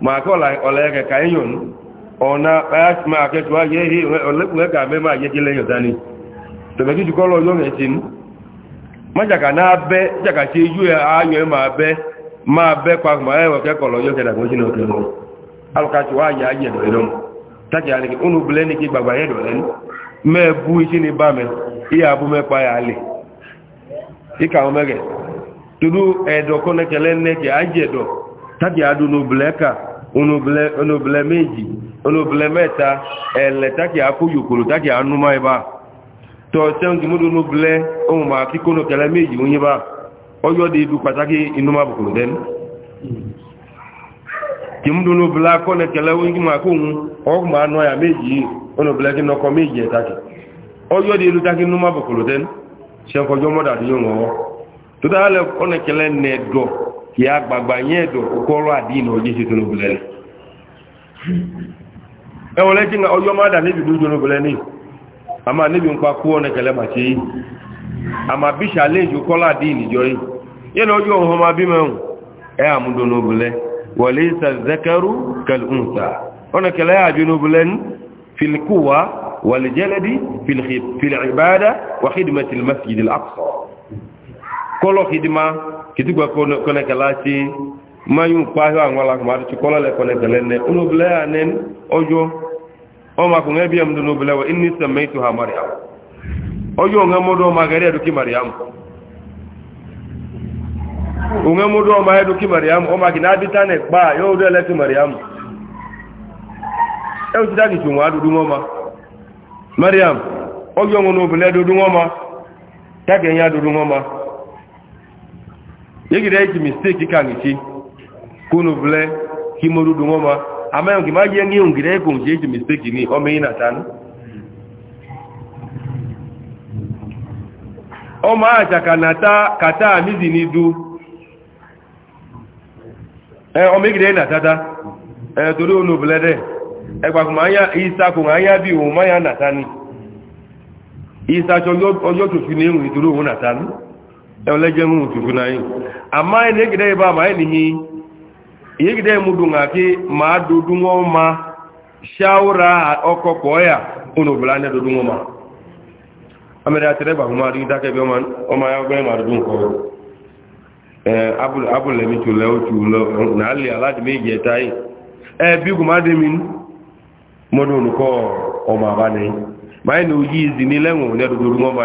ma ka ọla ya ka enyon ọna ya ma ake tuwa ye he ole ka me ma ye jele yodani to be ju ko lo yo me tin ma ja ka na be ja ka ti ya ayo ma be ma be pa ma e wo ke ko lo yo ke da ko jin o ke mo al ka tuwa e ni ba me iya bu pa ya le tudu edo ko ne tagi adu nobile ka onobile meji onobile mẹta ẹlẹ tagi akoyo kolo tagi anuma yi ba tọ sẹun kì ohun ma kí kóno meji onye ba ọyọ de du pàtàkì inuma bukuru dẹni onye ohun ma nọ ya kí ẹ ọyọ de du inuma bukuru dẹni sẹun mọdà di wọn tó dáa kì á gbàgbà yẹn dò kọ́rọ̀ àdínà ọjọ́ ṣe tónú bẹ̀lẹ̀ ni ẹ wọlé tí nga ọjọ́ máa dà níbi dúró tónú bẹ̀lẹ̀ ni a máa níbi ń pa kú ọ̀nà kẹlẹ́ mà ṣe yìí a máa bí ṣàlẹ́jù kọ́rọ̀ àdínà ìjọ yìí yẹn ọjọ́ ọ̀hún máa bí mẹ́rùn ẹ àmú tónú bẹ̀lẹ̀ wọlé sàzẹ́kẹ́rù kẹlùnsà ọ̀nà kẹlẹ́ àjọ tónú ni filikuwa wàlìjẹ́lẹ́dì filibada wàhídìmẹ̀tìlmẹ́sìdìl kitigba kɔnɛkɛla tsi mayu kpahio aŋɔ la kuma tsi kɔlɔ lɛ nɛ onobilɛ ya ɔdzɔ ɔma ko ŋɛbi ɛmu do nobilɛ wɔ ini sɛmɛ ha mariam ɔdzɔ ŋɛmɔ do ɔma gɛrɛ mariam ŋɛmɔ do ɔma ɛdu ki ɔma ta nɛ kpa yɔ do mariam ti da ŋɔ ɔdzɔ ŋɔ nobilɛ do yegide eji mistake ka ngichi kunu vle kimoru dungoma ama yongi maji yengi ungire ko ngichi eji misteki ni ome ina tani o ma acha kanata kata amizi ni du eh ome gide ina tata eh tori onu vle de egba kuma anya isa ko anya bi o ma ya natani isa jo ojo to fi ni enwe tori onu natani ẹ̀wọ̀lẹ́jẹ́ mú tuntun náà yìí àmá ẹni ẹgidẹ́ ibá ma ẹni yìí ìyẹ́gidẹ́ mú dùn àti máa dúdú wọn ma ṣáwúra ọkọ̀ pọ̀ọ́yà onòbìlá ní dúdú wọn ma amẹ́rẹ́ àtẹ́rẹ́bà fún máa rí dákẹ́bẹ́ ọmọ ayọ́gbẹ́ máa dúdú nǹkan ọ̀rọ̀ abúlẹ̀mí tó lẹ́ ojú nàálẹ̀ aládìmí ìjẹta yìí ẹ bí kò má dé mi mọ́dún máa ní ojú ìzì ní lẹ́wọ̀n ní dúdú wọn ma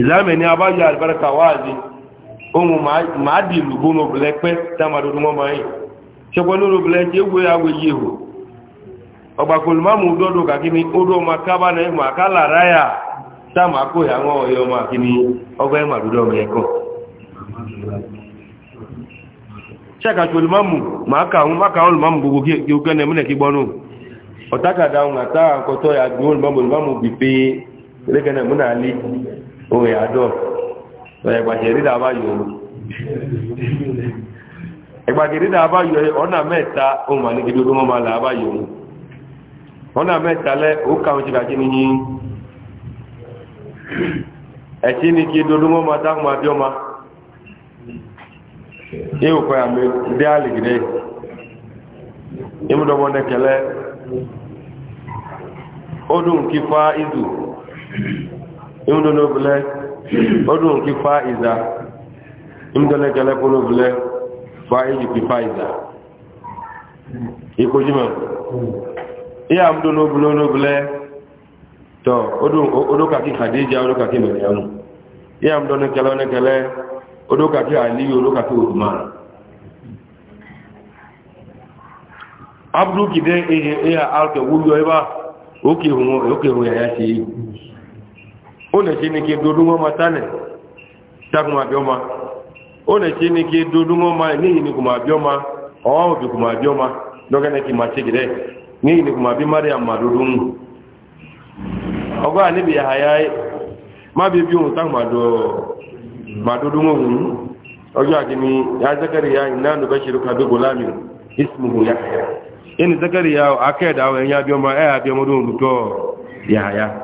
ìlàmẹ̀ni abájọ àlùbáríkà wáàzí ohun máa dì lùgbó ní obìnrin pẹ́ támàdúdú wọn máa yìn ṣọpọ̀ ní tí ó gbé agbèyí ihò ọgbàkùnrin máa mú dọ́dọ̀ kàkíní odò ọmọ kábánà ẹ̀mọ̀ àkálà kó ọ̀yọ́ ọgbà ẹ̀kọ́ E o àdọ́ ẹgbàjẹ̀ rídà àbáyọ̀ ẹgbàjẹ̀ rídà àbáyọ̀ ọ̀nà mẹ́ta ohun mà ní gidi mẹ́ta lẹ́ ó kàwọn ti ní yín ẹ̀tí ni kí dodo mọ́mọ́ táwọn abíọ́mà yíò kọ́ àmì dé nẹ́kẹ̀lẹ́ ìwọ̀n lóbulẹ̀ ọdún kí fa ìzà ìmúdọ́lẹ́gẹ́lẹ́ kó lóbulẹ̀ fa ìjì kí fa ìzà ìkójúmọ̀ ìyá àmúdó lóbulẹ̀ lóbulẹ̀ tọ́ odókàkí kàdéjà odókàkí mẹ̀rẹ̀ánù ìyá àmúdó nẹ́kẹ́lẹ́ odókàkí àlíyò odókàkí òtùmá abdul kìdé ìyá alkẹ̀ wúlò ẹbá òkè òun ẹ̀yà ṣe one tsi ni ke dodo ma ta ne takuma bi ma one tsi ni ke dodo ma ne yini kuma bi ma ɔwɔ bi kuma bi ma dɔgɔ ne ki ma tsi gɛrɛ ni, yini kuma bi mariam ma dodo ŋu ɔgɔ bi yahaya ye ma bi bi ŋu takuma do ma dodo ŋu ŋu ɔjɔ akini ya zakariya ina nu bɛ ka bi golami ismuhu yahaya eni zakariya akɛ da awɔ ɛnya bi ma ɛya e do ŋu tɔ yahaya.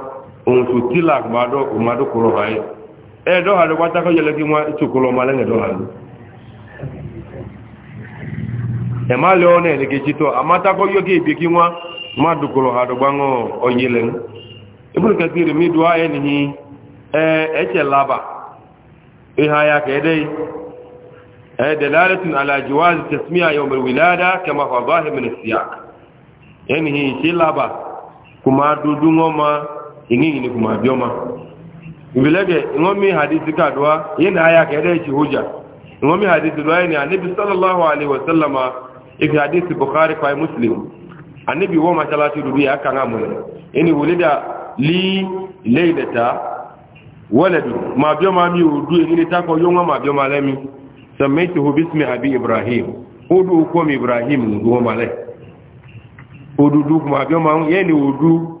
onku tila gbado umadu kuro hayi e eh, do hado wata ko yele ki mo itukulo male ne do hado e eh, ma le one le gejito amata ko yoge bi ki mo madu kuro hado gbango oyelen ibun ka tiri mi duwa e ni e eh, e che laba e haya ke dai e dalalatun ala jawaz tasmiya yawm alwilada kama fa zahir min as-siyaq yani hi laba kuma dudungo ma ingi ni kuma bioma bilege ngomi hadithi kadwa yena aya kede chi huja ngomi hadithi dwa ni anabi sallallahu alaihi wasallama ifi hadithi bukhari kwa muslim anabi wo mashalati dubi aka ngamwe yani wulida li laylata waladu ma bioma mi udu ngini tako yonga ma bioma lemi samaituhu bismi abi ibrahim udu ko mi ibrahim ngoma le udu du ma bioma yani udu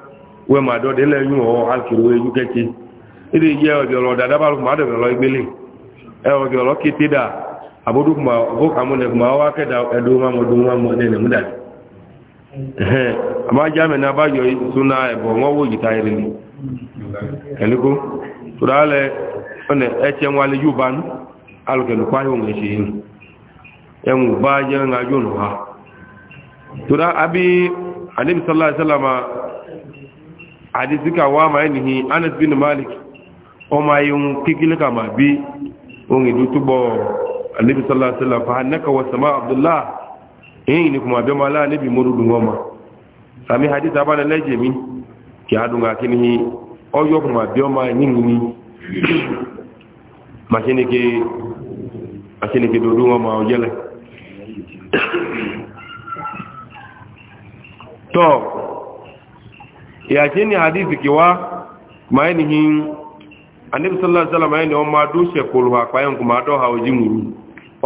we ma do de le yun o alkiru we yuke ti ire je o jo lo dada ba lu ma de lo igbele e o jo lo kiti da abodu kuma bo kamune kuma wa ke bo e won e wo yita ire ni eliko turale one e che nwale yuban alkelu kwa yo e ngi ha tura abi alim sallallahu alaihi wasallama àdìsíkà wà máa nìyí anas bin malik ọmọ ayé ń kékeré kà máa bí ohun ìlú túbọ̀ alẹ́bí sọ́lá fa annaka wa sama abdullah ẹ̀yìn ni kuma bẹ́ mọ́lá níbi mọ́rùdùn wọn ma sami hadith abana lẹ́jẹ̀ mi kí a dùn àkíní ọjọ́ kuma bẹ́ ọmọ nínú ni maṣínike dodo wọn o ọjẹ́lẹ̀ tọ́ yàtí ni hadithi kí wá máa a hin anabi sallallahu alaihi wasallam ẹni ọmọ adó ṣẹkọlù àpáyẹn kò máa dọ́ha ojú mùrù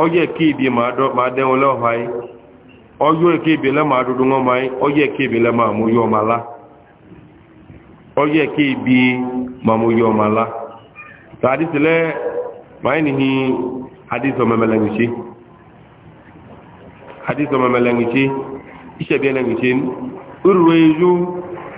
ọjọ́ èké ìbí máa dẹ́wọ̀n lọ́ha ma ọjọ́ yọ ọmọ alá ọjọ́ èké ìbí máa mú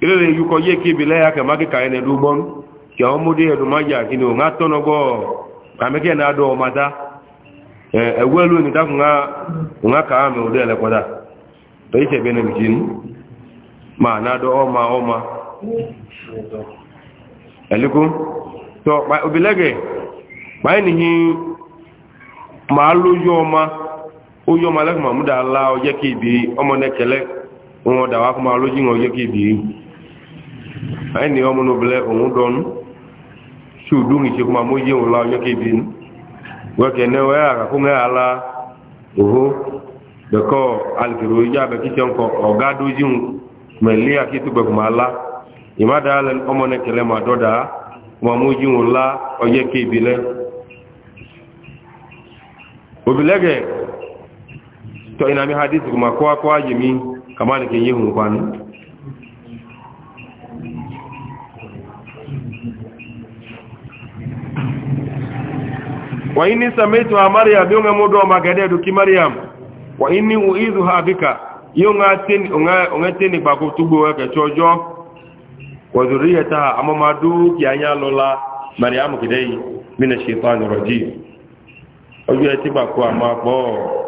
ilele yi kɔ yeke bi lɛ yake magi ka ene du gbɔnu tia wɔn mo de ma dza kini na do ɔma ta ɛ e, ɛwɛ e lu ni ta ko ŋa ko ŋa o de ne ma na do ɔma ɔma ɛliko tɔ kpa obi lɛgɛ kpa ni ma alo yɔ ɔma o yɔ ɔma lɛ ma mu da la ɔyɛ da wa ko ma ẹni ọmọ nobile òun dọnu tí o dún ìṣe kuma mo yé òun la ọjọ́ kébi nu wọ́kẹ́ ní ọ̀hẹ́ àkàkọ́ ní àlá òhó bẹ̀kọ́ alìkèrò ìjà bẹ̀ kí sẹ́ńkọ ọ̀gá dójú ń mẹ̀lé àkíyèsí gbẹ̀kọ́ máa la ìmádà ọmọ ní kẹlẹ́ máa dọ́dà kuma mo yé òun la ọjọ́ kébi lẹ́ òbílẹ́gẹ̀ tọ́ ìnàmí hadith kuma kọ́ akọ́ àyèmí kàmáà ní kẹ́ yé òun pa ni. wa inni samaituha maryam yunga mudo magadedu ki maryam wa inni uidhuha bika yunga tin unga unga tin ba ko tubo wa ke chojo wa zurriyataha amma madu ki anya lola maryam kidai min ash-shaytanir rajim ojo eti ba ko ama bo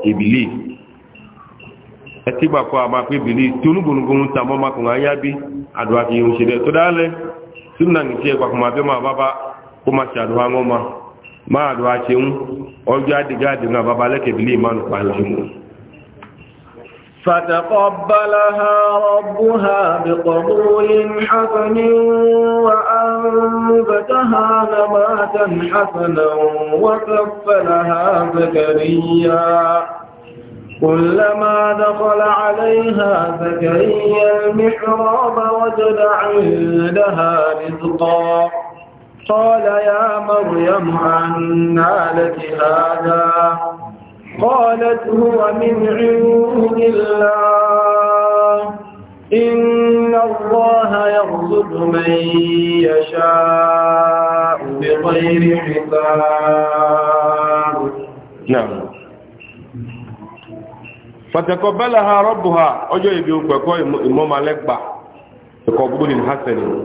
ibili eti ba ko ama pe ibili tunugunugun ta mo ma ko anya bi adwa ki yun se de to dale sunna ngi se ba ko ma be ma baba ko ma sha adwa ngoma máa dọ̀ àti ń ọjọ́ àdìgáàdì náà bàbá lẹ́kẹ̀bílì ìmánu pàájú فتقبلها ربها بقبول حسن وأنبتها نباتا حسنا وكفلها زكريا كلما دخل عليها زكريا المحراب وجد عندها رزقا قال يا مريم أنى لك هذا قالت هو من عيون الله إن الله يرزق من يشاء بغير حساب نعم فتقبلها ربها أجل يبيوك وكوي إمام لك بح تقبل الحسن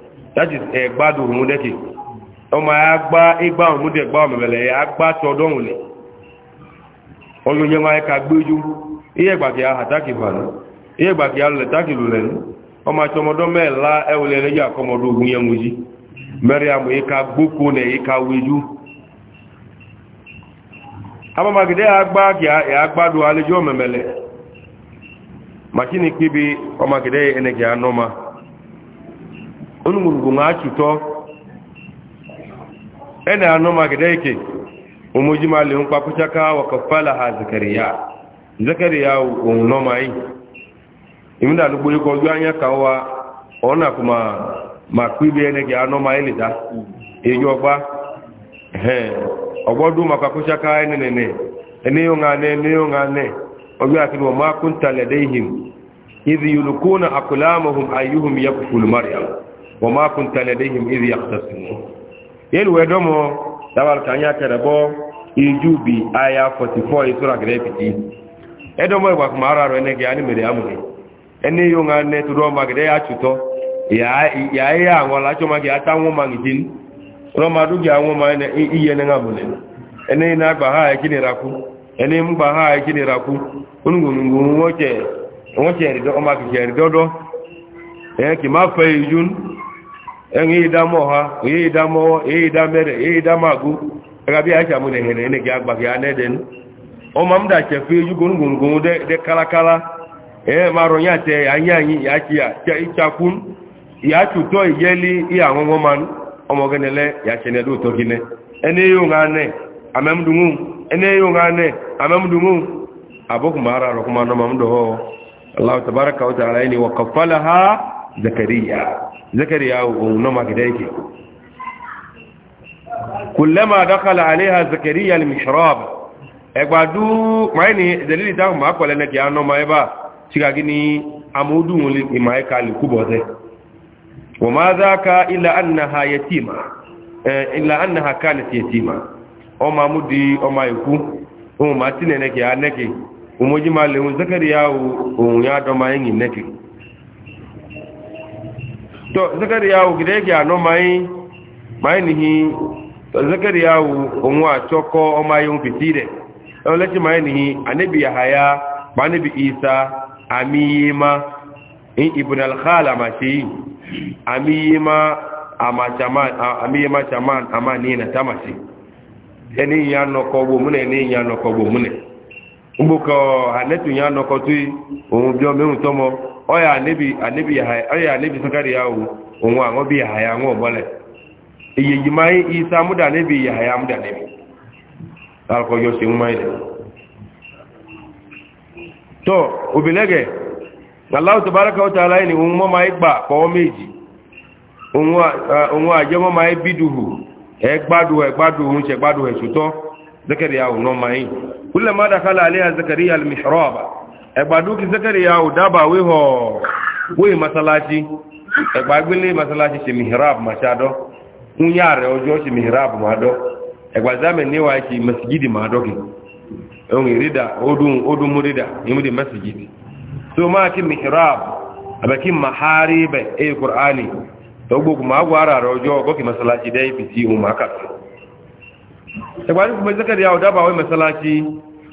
that is ẹgbá dùn òun dẹ́kì ọmọ agbá igbá òun ya gbá ọmọbẹ̀lẹ̀ agbá tọdọ́hùn lẹ̀ ọyọ́ yẹn máa ka gbéjú iye gbàkì àtàkì fàánù iye ya alẹ̀ tákì lù lẹ́nu ọmọ àti ọmọdọ́ mẹ́ẹ̀lá ẹwọlẹ̀ ẹlẹ́yà ya ogun yẹn onugburugburu ma achụtọ ena anọ magide ike umoji ma le nkwa kuchaka wa kafala ha zakariya zakariya ohun nọma yi imi da alugbo ikọ ojú anya ka wa ọna kuma ma kwibe ene gị anọ ma ilita eyi ọgba ọgbọdụ maka kuchaka ene nene ene yo ngane ene yo ngane ojú akiri wa ma kunta ledehim idh yulquna aqlamuhum ayyuhum yakfulu maryam وما كنت لديهم إذ يختصمون يلو يدومو دابال كانيا كربو يجوبي آية 44 سورة غريبتي edomo igba kuma ara ro ene ge ani mere amune eni yo nga ne mere do ma gede achuto ya ya ya awon la choma ge atawo ma ya ro ma du ge awon ma ne iye ne ngamune eni na gba ha e kini raku eni mgba ha e kini raku unungu ngungu woche woche ri do ma ẹ̀yìn ìdámọ́ ọha òye ìdámọ́ èyí ìdámẹ́rẹ̀ èyí na ẹgbàbí àìsà mú nìhẹ̀rẹ̀ ní gbàgbàgbà anẹ́dẹ̀ẹ́nu ọmọ mú dàṣẹ fi ojú gbóngbòngbòn dẹ kálákálá ẹ̀ẹ́ máa rọ̀yìn àtẹ ayéyìn ìyàkún ìyàtútọ́ ìyẹ́lí ìyàwọn ọmọgẹ́nẹlẹ́ ìyàṣẹ́nẹ̀dọ́ Allah tabaraka wa ta'ala ni wa zakariya zakariya ohun na makida yake kullama dakala alaiha zakariya al-mishrab egbadu mai ni dalili ta ma kwale na kiya no mai ba ciga gini amudu wuli mai kali kubo zai wa ma zaka illa annaha yatima illa annaha kanat yatima o ma mudi o ma yiku o ma tinene kiya neke umoji ma lewu zakariya ohun ya do mai ngi neke to zakariyawu gida yake ano mai mai nihi to zakariyawu onwa choko o mai un pitire to lati mai nihi anabi yahaya ba anabi isa amiyima in ibn al khala ma shi amiyima ama chama amiyima chama ama ni na tamasi eni ya no ko bo mune ni ya no ko bo mune mbuko anetu ya no tu ohun bi o mehun tomo oya anabi anabi ya oya anabi sakari yawo onwa ngo bi ya ya ngo bole iye jimai isa muda anabi ya ya muda anabi al ko yo se umai de to ubilege allah tabaaraka wa ta'ala ni umma mai gba ko meji onwa onwa uh, je mo mai biduhu e gbadu e gbadu un se gbadu e suto zakari yawo no ya kullama dakhala alaiha zakariya al mihraba ẹgbàdókì sẹ́kẹ̀rì ya ò dábà wíhọ̀ wóyí masalaci ẹgbàgbélé masalaci ṣe mihrab mashadọ́ ń yá rẹ̀ ọjọ́ ṣe mihrab madọ́ ẹgbàzámẹ̀ níwá ṣe masjidi madọ́kì ohun ìrídà odun múrídà ìmúdí masjidi so máa kí mihrab àbẹ̀kí mahari bẹ̀ eyi kur'ani tó gbogbo ma gbọ́ ara rẹ̀ ó máa kà ẹgbàdókì sẹ́kẹ̀rì ya ò dábà wí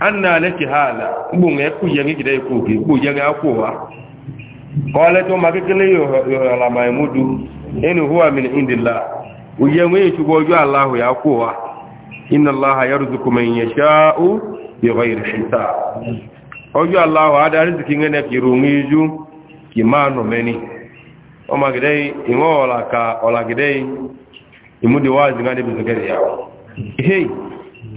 anna aleki hala gbo nge ku yenge gide ku ki gbo yenge aku wa qala to ma kekele yo e huwa min indillah u yenge chu gojo allah ya ku wa inna allah yarzuqu man yasha'u bighayri hisab ojo allah ada riziki ngene ki rungiju gide ka gide imudi wazi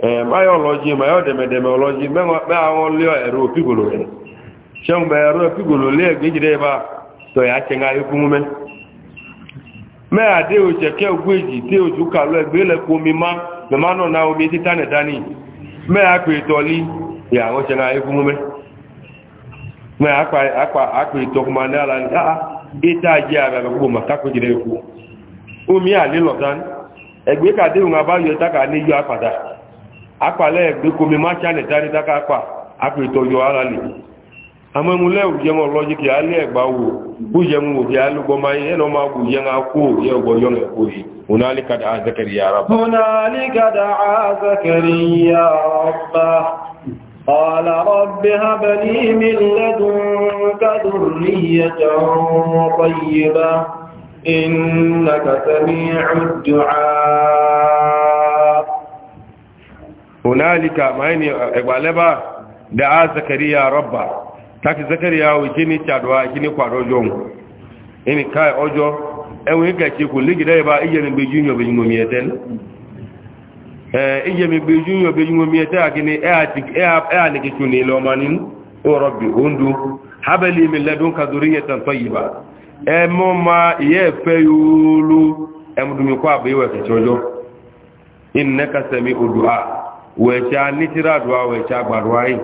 Eh, biology myodemedemology aụlụ eropigolo chemgbe eropigolo lee ego ijiri ebe a toya chena ekwumume mee adịghị uche ke ugwu ji tee otu ụka lụọ egbe ilekwa omima memanụ na omi tita na dani akpa ya ekwumume akpa n'ala ịta ji maka ekwu omi a egbe ka adịghị nwa akpalẹ̀ gbékomi má ṣáà nìtarí dáká pa apètọ̀yọ̀ ara lè amẹ́múlẹ̀ òjẹun ọlọ́jíkì alẹ́ ẹ̀gbà wò bújẹun òjẹ alúgbọmá ẹ̀nà ọmọ akù yẹn akó yẹ hunalika maini egbaleba da a zakariya rabba taki zakariya wi kini chadwa kini kwado jong ini kai ojo ewe ga ki ku ligida ba iye ni bejunyo bejunyo mieten eh iye mi bejunyo bejunyo mieten akini e ati e e ani ki kuni lo manin o rabbi undu habali min ladunka dhurriyatan tayyiba e mo ma iye feyulu emdumi kwa biwe ke chojo innaka sami'u du'a wẹ̀ẹ̀tsá nítírà àdúrà a gbàdúrà yìí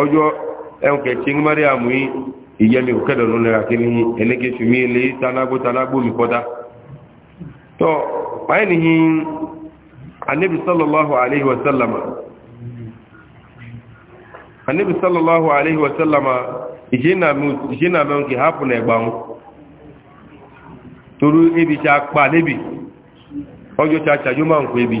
ọjọ́ ẹnkẹ̀ tí mẹ́rin àmú yìí ìyẹ́mi kò kẹ́dọ̀ lónìí rà kíní ẹnẹ́gẹ́sù mi lè tanagbó tanagbó mi kọ́dá tọ́ báyìí nìyí anabi sallallahu alayhi wa sallama anabi sallallahu alayhi wa sallama ìṣẹ́nà mẹ́rin kì hápù torí ebi tí a pa níbi ọjọ́ tí a ṣàjọ́ máa ń kó ebi.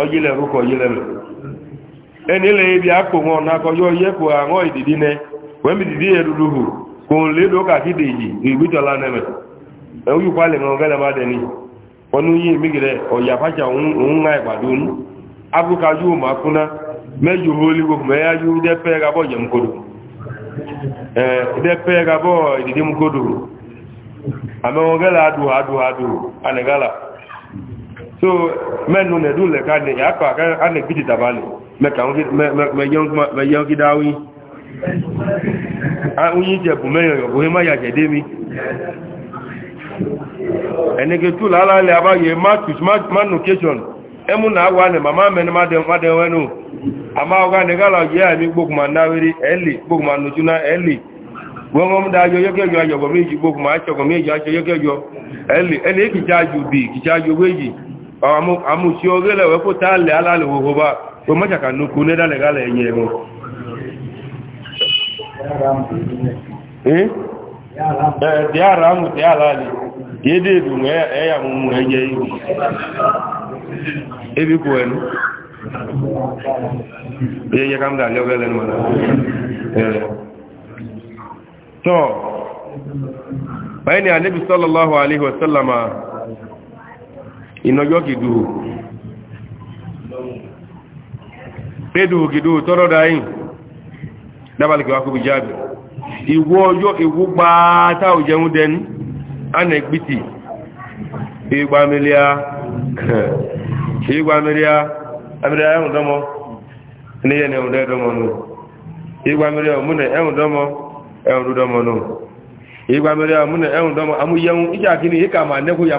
ọjílẹ̀ rúkọ̀ yílẹ̀ mẹ́ ẹni ilẹ̀ ibi àpò wọn nakọ yọ yẹ́kù àwọn ìdìdí nẹ wẹ́mí dìdí hù kò n lé lókà kíde dị ìgbìtọ̀lá nẹ́mẹ̀ ẹ̀wùjú palẹ̀ mọ́ gẹ́lẹ́ bá dẹni wọn ní yí ọ̀yà òun yóò máa ìdìdí so mẹ́nu nẹ̀dú lẹ̀ka ní àkọ́ àkẹ́ gidi tàbálẹ̀ mẹ́yàn kí dáwí oyin jẹ̀bù mẹ́yàn yọ̀bù ní máyà de mi ẹnìkẹ́ tún na abáyẹ manucation ẹmú náà wà ma màmá mẹ́ni mádẹ̀wẹ́nu àmá ọgá nìkálà yẹ́ àmì gbogbo náwẹ́rí ẹ̀lì gbogbo nùtúná ẹ̀lì gbogbo mú dájọ yọ́kẹ́jọ ayọ̀gbọ̀ méjì gbogbo máa ṣọ̀gbọ̀ méjì aṣọ yọ́kẹ́jọ ẹ̀lì ẹ̀lì kìí amụchi oghele wepụta ale ala lụwohoba omeka ka nnukwu nedalegala enye ego dịara amụta ya alali ka edeedu nwee enye e m ga ìnọjọ́ kìdúhù pédùhù kìdúhù tọ́rọ̀ dáyìn dábàlìkì wá kóbi jáàbì ìwọ ọjọ́ ìwú gbáátá ò jẹun dẹni anẹ̀gbìtì ìgbàmìlíà ìgbàmìlíà amìlíà ẹ̀hùn dọ́mọ ní ẹni ẹ̀hùn dọ́mọ nù ìgbàmìlíà múnẹ̀ ẹ̀hùn dọ́mọ ẹ̀hùn dọ́mọ iji na ya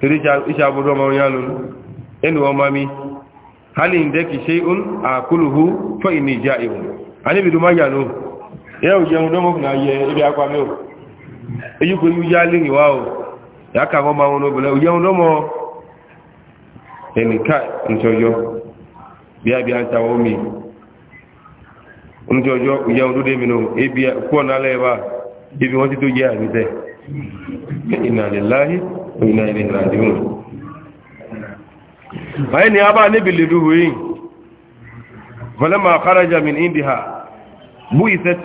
torí iṣẹ́ abúrú ọmọ orin alùn ẹnu ọmọ mi hali ń dẹ́kì ṣe a àkúlùhú fún ìní ìjà ìwọ̀n a níbi tó máa yà lóò yẹ ò jẹun lọ́mọ fún ayẹ ibi akwa mẹ́ò èyí kò yí yá lè níwá o yàkà ọmọ àwọn obìnrin ò jẹun ka a bí a ń ta omi mi ti ìnà ilẹ̀ ìrìnàjò báyìí ni a bá níbi lèdú wéyìn fọlẹ́mà kárájà min indi ha mú ìsẹ́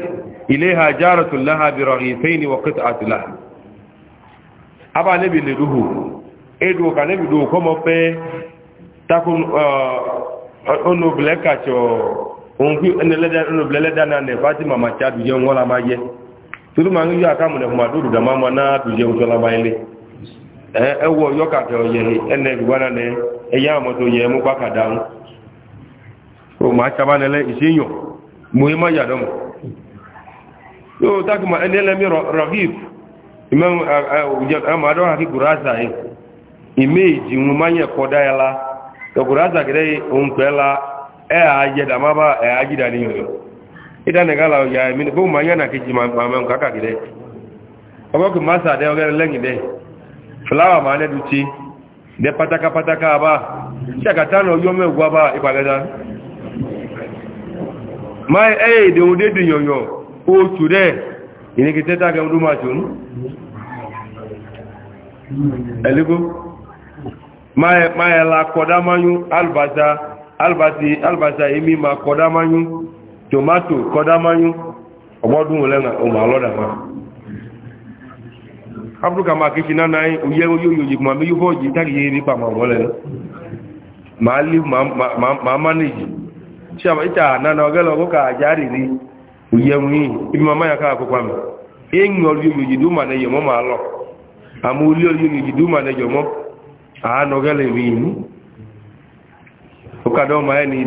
ilé ha jára tó láha bìrọ̀ ìfẹ́ ni wọ́n kẹta àtìlá a bá níbi lèdú hù edu ka níbi dùn kọ́ mọ́ pé takun ọ̀nùbìlẹ̀ kàtsọ̀ òun kí ọ̀nùbìlẹ̀ lẹ́dánà ẹwọ yọkàtẹ ọyẹ ẹnẹ ìgbàna nẹ ẹyẹ àmọtò yẹ mú pàkàdà ń o ẹ má yàdọ mọ yóò tákìmọ ẹni maa rahif àmàdọ àti gùrázà yìí ìméjì ń ma yẹ kọdá ẹ la la ẹ ni má bá ẹ àjídà níyàn ìdánigàlà ọyà ẹmí bó máa yànnà kejì máa mẹ nǹkan kàkìdẹ flower ma ne duti de pataka pataka aba shaka tano yo me ipaleda ba ipagada mai eh e, de ode de yoyo o ture ini ke teta ga nduma tun eligo mai e, mai e la koda manyu albasa albasi albasa imi ma koda manyu tomato koda manyu ogbodun lenga o ma loda ma afirika máa kí ṣiná náà oyé yóò yìí ma méjì fọ́jì tákìyé nípa ma wọ́n lẹ́nu ma lè ma manage ṣe àmà ìta nana ọgẹ́lọ ọgọ́ka àjáre rí oyé wọn yìí ibi ma máyà káà kópa mi èyí ọlú yóò yìí dúmà náà yẹmọ́ máa lọ àmú olú yóò yìí dúmà náà yẹmọ́ àánà ọgẹ́lẹ̀ mi yìí ọkadọ́ ma yẹ ni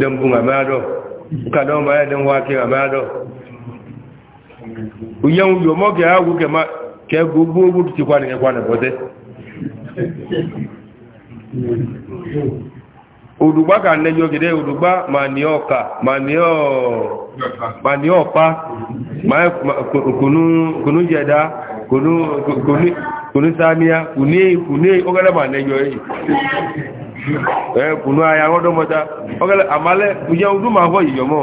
dẹ́mbùn àmẹ́adọ́ ọkadọ́ ma yẹ dẹ́mbùn àmẹ́adọ́ oyé wọn yọmọ́ kẹ́ kẹ gbogbo owó ti kwa ní ẹkwà nẹ̀bọ́tẹ́ òdùgbà kà nẹ́jọ́ gẹ̀dẹ́ òdùgbà ma ní ọ̀ka ma ní ọ̀pá ma kùnú jẹ̀dá kùnú sáníà kùnú ọgẹ́lẹ́ ma nẹ́jọ́ yìí kùnú ayà ọdọ́mọta ọgẹ́lẹ́ àmàlẹ́ ìjẹun tó ma fọ́ ìyọ̀mọ́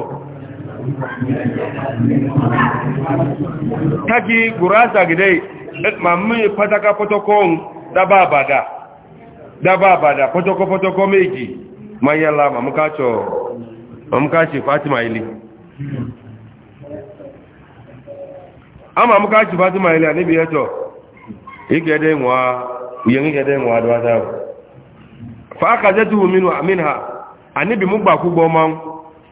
taki gurasa gidai eh, mamme pataka fotokon daba bada daba bada potoko potoko meji mayala mamkacho mamkachi fatima ile ama ah, mamkachi fatima ile anibi yeto igede nwa yen igede nwa adwa dawo zetu akazatu minha anibi mugba kugbo mawu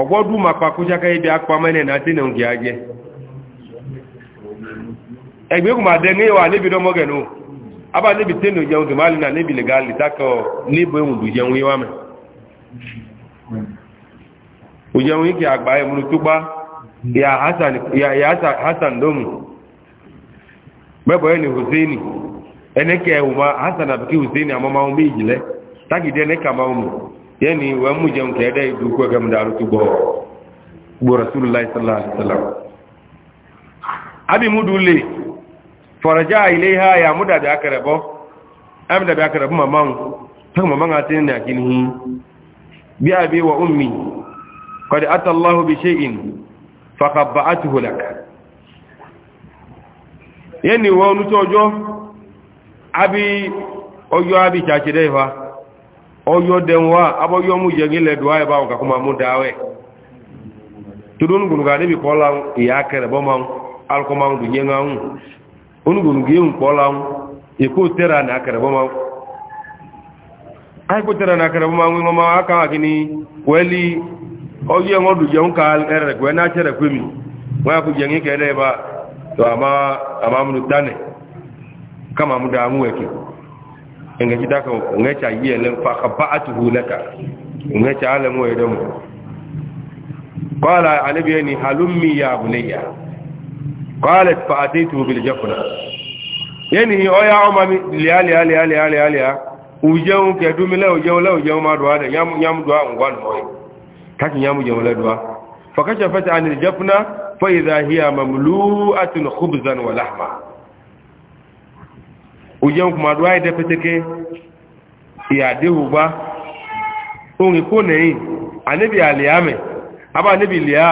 ọgbọ́dún ma pa kúṣáká ibi apamẹ́nẹ̀ náà tí nìyàn kìí ajẹ́ ẹgbẹ́ kò máa dẹ́ngẹ́ wà níbi dọ́mọ́gẹ̀ nù abá níbi tí nìyàn jẹun tòmálì náà níbi lè gáàlì tákọ̀ níbo ehun dù jẹun yíwá mẹ́ hassan domu mẹ́bọ̀ ẹni husseini ẹnẹ́kẹ̀ ẹ̀wùmá hassan àbíkí husseini àmọ́ máa ń bí ìjìlẹ̀ tágìdí ẹnẹ́kà máa yani wa mu jam ke dai du ko gam daru tu bo bo rasulullahi sallallahu alaihi wasallam abi mudule faraja ilaiha ya muda da aka rabo am da aka rabo maman tak maman atin na kinhi bi abi wa ummi qad ata allah bi shay'in fa qabba'athu lak yani wa nu tojo abi ojo abi chachide fa oyo denwa abo yomu yengi le duwa ba ka kuma mu dawe tudun gunu ga ne bi kola ya kere bo man al kuma du yenga un un gunu gi un kola un e ko tera na kere bo man ai ko tera na kere bo man ngoma aka akini kweli oyo ngo du na chere ko mi wa ku yengi kere ba kama mu da nga ci daka nga ca yele fa khaba'atuhu laka nga ca ala moy dem qala anabi ni halummi ya bunayya qalat fa ataytuhu bil jafna yani o ya umami liyali ali ali ali ali ujeun ke dumile ujeun la ujeun ma do ada nyam nyam do ngwan moy kaki nyam ujeun la do fa kashafat an jafna fa idha hiya mamlu'atun khubzan wa lahma òjẹun kò máa dúró àìdẹ pẹtẹkẹ ìyàdéhùbá ohun ìkó nẹyìn ànẹbì àlìámẹ abá ànẹbì lìá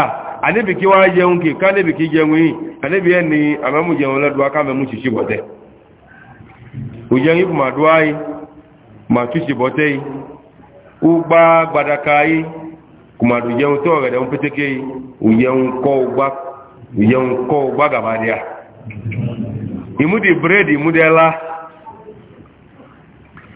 ànẹbì kí wọn jẹun kì ká ànẹbì kí jẹun yìí ànẹbì ẹni àmẹmú jẹun lọdọ akámẹmú ṣìṣì bọtẹ òjẹun yìí kò máa dúró àyè máa túṣì bọtẹ yìí ó gbá gbadaka yìí kò máa dùn jẹun tó ọ̀rẹ́dẹ̀ ń yìí òjẹun kọ́ ọgbá gàbàdìà ìmúdi búrẹ́dì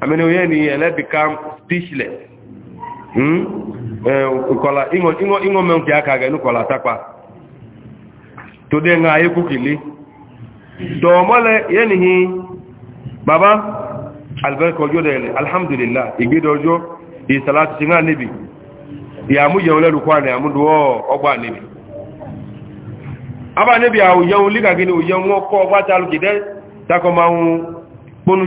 amene oye ni ele become speechless hmm eh ukola ingo ingo ingo me nkia ka ga nukola takwa to de nga ayeku kili to mole yeni hi baba albarka ojo de alhamdulillah igido ojo i salatu singa nibi ya mu yewle lukwa ne amudu o ogba nibi aba nibi awu yewu liga gini o yewu ko ogba talu kide takoma un ponu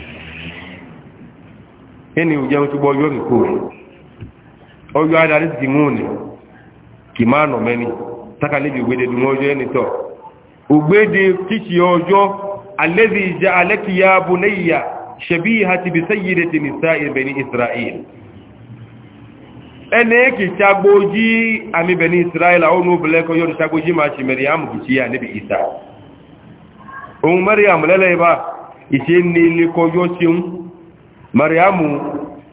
ẹni ìjẹun tó gbọ́ yóò kò rí ọjọ́ adarí ti mú ní kì máa nà mẹ́ni ọjọ ògbédè dùn ọjọ́ ẹni tọ́ ògbédè kíkì ọjọ́ alẹ́bí ìjà alẹ́kìyà ìhà ti bí sẹ́yìdẹ̀ ti nìsá ìbẹ̀ni israel ẹni kì ṣagbojí àmì bẹ̀ni israel àwọn obìnrin yóò ṣagbojí máa ṣe mẹ́rin àmù kìí yà níbi ìta ní ilé kọjọ́ ṣeun mariamu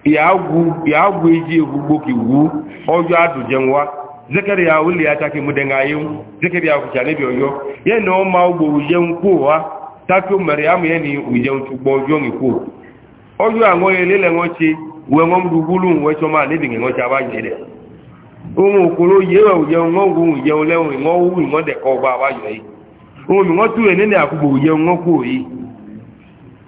ya gwu iji egwugbo kiwu igwu adujenwa adụjenwa zekeria uli aka ka ya na ọma ugbo ujenkwu ụgha mariamu ya na ujenkwu ọjọọ nkwu ọjọọ anwụghị elele uje nwa ngwu uje ole nwe nwa owu nwa deka ọgba agbanyere ụmụ nwa tuwe nene akwụgbo uje yi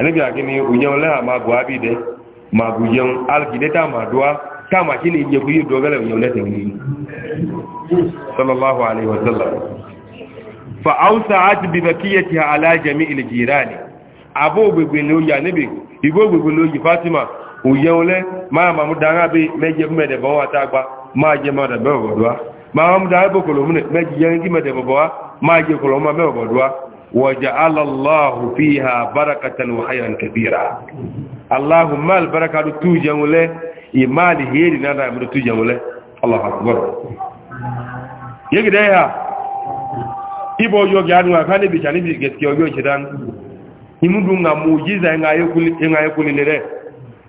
ẹnìbí àkíní òjẹun lẹ́hà máa gùn ábì dẹ máa gùn jẹun alìkìdé tá máa dùn á tá máa kí ni ìjẹkú yìí dùn ọgẹ́lẹ̀ òjẹun lẹ́tẹ̀ ní sọlọ́láhùn àlẹ́ ìwọ̀sọ́lá fa áwùsà àti bíbẹ̀ kíyẹ ti alájẹmí ilẹ̀ jìíràní àbó ògbègbè ni ó yà níbi ìgbó ògbègbè ló yì fátímà òjẹun lẹ máa màmú dáná bí mẹjẹ fún mẹdẹ bọ́wọ́ àtàgbà máa jẹ máa dàbẹ́ ọ̀bọ̀dọ́wá máa mú dáná bó kòlòmù mẹjẹ jẹ́ kí mẹdẹ bọ̀bọ̀ wá máa jẹ kòlòmù mẹwọ̀bọ̀dọ́wá وجعل الله فيها بركة وخيرا كثيرا اللهم البركة توجم له إيمان هيري نانا يمر توجم له الله أكبر يجدها ibo yogi anu akani bi chani bi geski yogi chidan imudu nga muujiza nga yokuli nga yokuli lere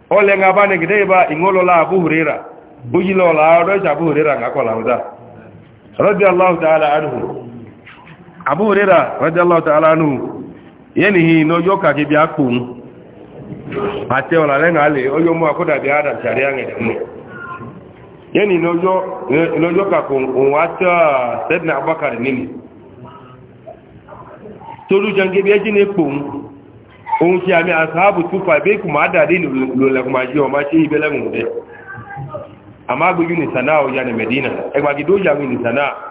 ole nga bane gideba ingolo la abu hurira bujilo la odo cha abu hurira ngakola uda radiyallahu ta'ala anhu abu hurera radiyallahu ta'ala nu yenihi no yoka ke bi akun ate ola le ngale oyo mu akoda bi ada shari ange demu yeni no yo no yoka kun wata sayyidina abubakar ni. toru jange bi ejine kun ohun ti ami ashabu tufa be kuma ada de lo le kuma ji o ma se ibele mu de ama gbe yuni sanaa o ya ne medina egba gido ya ni sanaa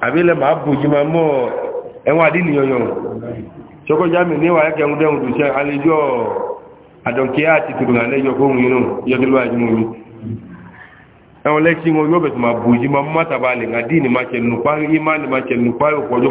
a máa mi jí máa mọ́ ẹwọ́n àdínìyàn ṣọ́kọ́jámi níwà ẹgbẹ̀rún dẹ̀rùn dùṣẹ́ alẹ́jọ́ àdọ̀kẹ́ àti tìrùnà a fóhun inú yọdílọ́ àjímọ̀mí ẹwọ́n lẹ́kí wọn yóò bẹ̀tẹ̀ máa bù jí máa mọ́ tàbálẹ̀ àdínì máa ṣẹ̀ nùpáyọ̀ ìmáàlì máa ṣẹ̀ nùpáyọ̀ ọjọ́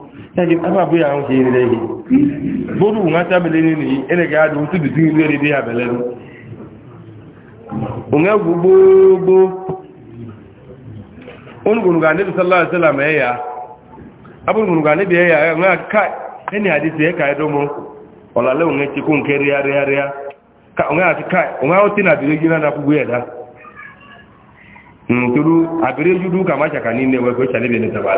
ẹni afábúyà ń ṣe ìrìnlẹ̀ yìí bóòdù wọn sábẹ̀lẹ̀ nínú yìí ẹnìkẹ́ adùn tó dùn sí ilé rí bí abẹ̀lẹ̀ nù òun ẹgbù gbogbo onígbònùgbà níbi sálàrì sálàmù ẹ̀yà abúrúgbònùgbà níbi ẹ̀yà ẹ̀wọ̀n ká ẹni àdìsí ẹ̀ka ẹ̀dọ́mọ dúkà ṣàkà ní ilé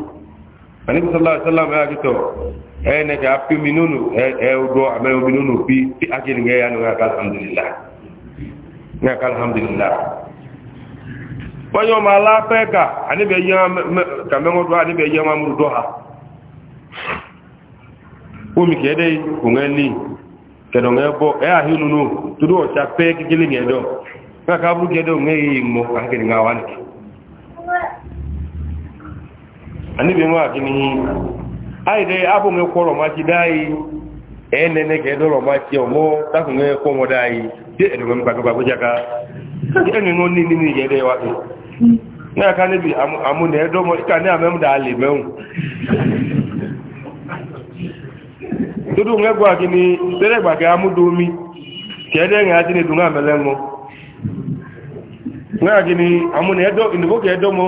Ani sallallahu salam wasallam ya gito eh ne ga api minunu eh do ame minunu pi ti ajin ga ya no ga alhamdulillah ga alhamdulillah wayo ma la pe ka anabi ya ka me ngodo anabi ya ma muru do ha o mi kede ko ngani ke do ngebo e a hinunu tudo o cha pe ki gili ngedo ka ka bu gedo ngai mo ka ke ngawan ki anibi nwa kini ai dai abu me ko ro ma ti dai ene ne ke do ro ma ti omo ta ku ne ko mo dai ti ene mo ka ba bujaka ti ene no ni ni ni ye dai wa ti na ka ne bi amu ne do mo ka ne amem da le meun dudu nge gwa kini tere gba ke amu do mi ke de nga ti ne du nga mele mo nwa kini amu ne do ni bo ke do mo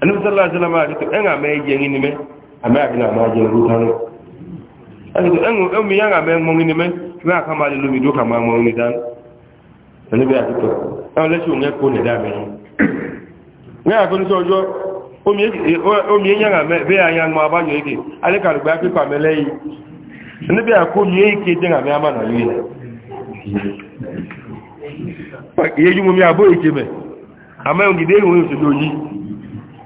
anibisala asala maa dito ɛŋa mɛ yɛŋi nimɛ amɛ akina ama jɛ ru tanu asito ɛŋu ɛmu yaŋa mɛ ŋmɔŋi nimɛ mɛ ma lelo mi do kama ŋmɔŋi tanu ɛni bɛ asito ɛŋu lɛsi oŋɛ ko ne dame yi ŋɛ akɔni sɔjɔ omi aba eke ale ka lugbe yi mi eke ama na yi yɛ yejumu mi abo eke do yi.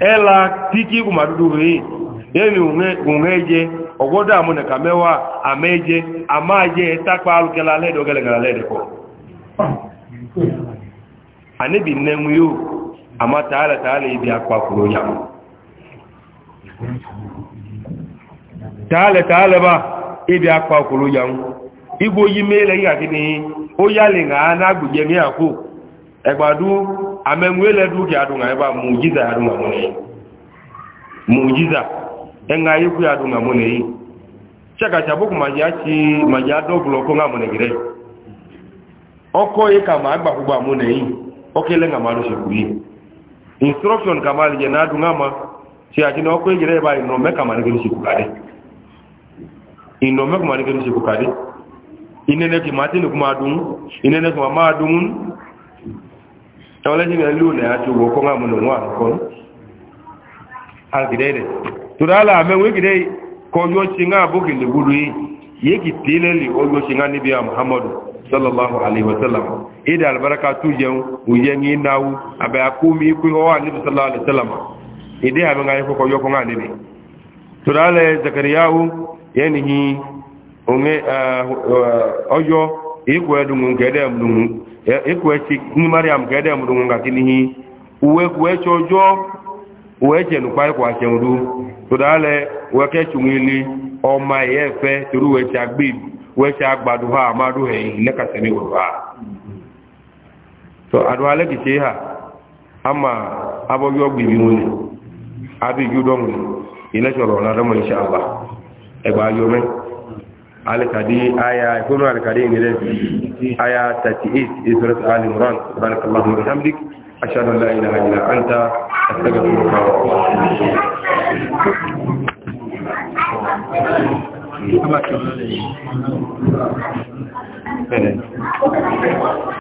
ela tiki kumadudu hii yemi unge ungeje ogoda amune kamewa ameje amaje takwa alukela ledo gele gele ledo ko anibi nemu yu ama taala taala ibi akwa kuro ya taala taala ba ibi akwa kuro ya igbo yi mele ya na mi ako egbadu amenwele duki adunga eba muujiza adunga mune muujiza enga yiku adunga mune yi chaka chabuku majachi majado gloko nga mune gire oko ye kama agba kuba mune yi okele nga maru shekuri instruction kama lije na adunga ma si ajina oko ye gire eba inome kama nigiri shekukade inome kama nigiri shekukade inene kimatini kuma adungu inene kuma ma adungu ọlọ́dún na lù ya tó wọ́ kọ́ńgá mu lòun àkọ́ àgìdẹ́ rẹ̀ tòdó àlà àmẹ́wọ́n gìdẹ́ kọjú ọ̀ṣì ńgá àbókè lè gbúdú yìí muhammadu sallallahu alaihi wasallam ìdá albarka tó jẹun òyìn nawu náwó àbẹ̀ àkómi ikú ọwọ́ sallallahu alaihi wasallam ìdí àmẹ́ngá yẹn kọ́kọ́ ekwechi eh, ni mariam ka ede mụrụ nga kinihi uwe kwechi ọjọọ uwe chenu kpa ikwa chenru tụdale weke ili ọma ya efe tụrụ wechi agbib wechi agbadu ha amadu ha ehile kasịrị wuru ha so adụhale kiche ha ama abụghị ọgba ibi nwunye abụ igi na ayome alikadi aya ikunu alikadi ingere aya 38 is surat ali imran subhanakallahumma wa bihamdik ashhadu an la ilaha illa anta astaghfiruka wa atubu ilayk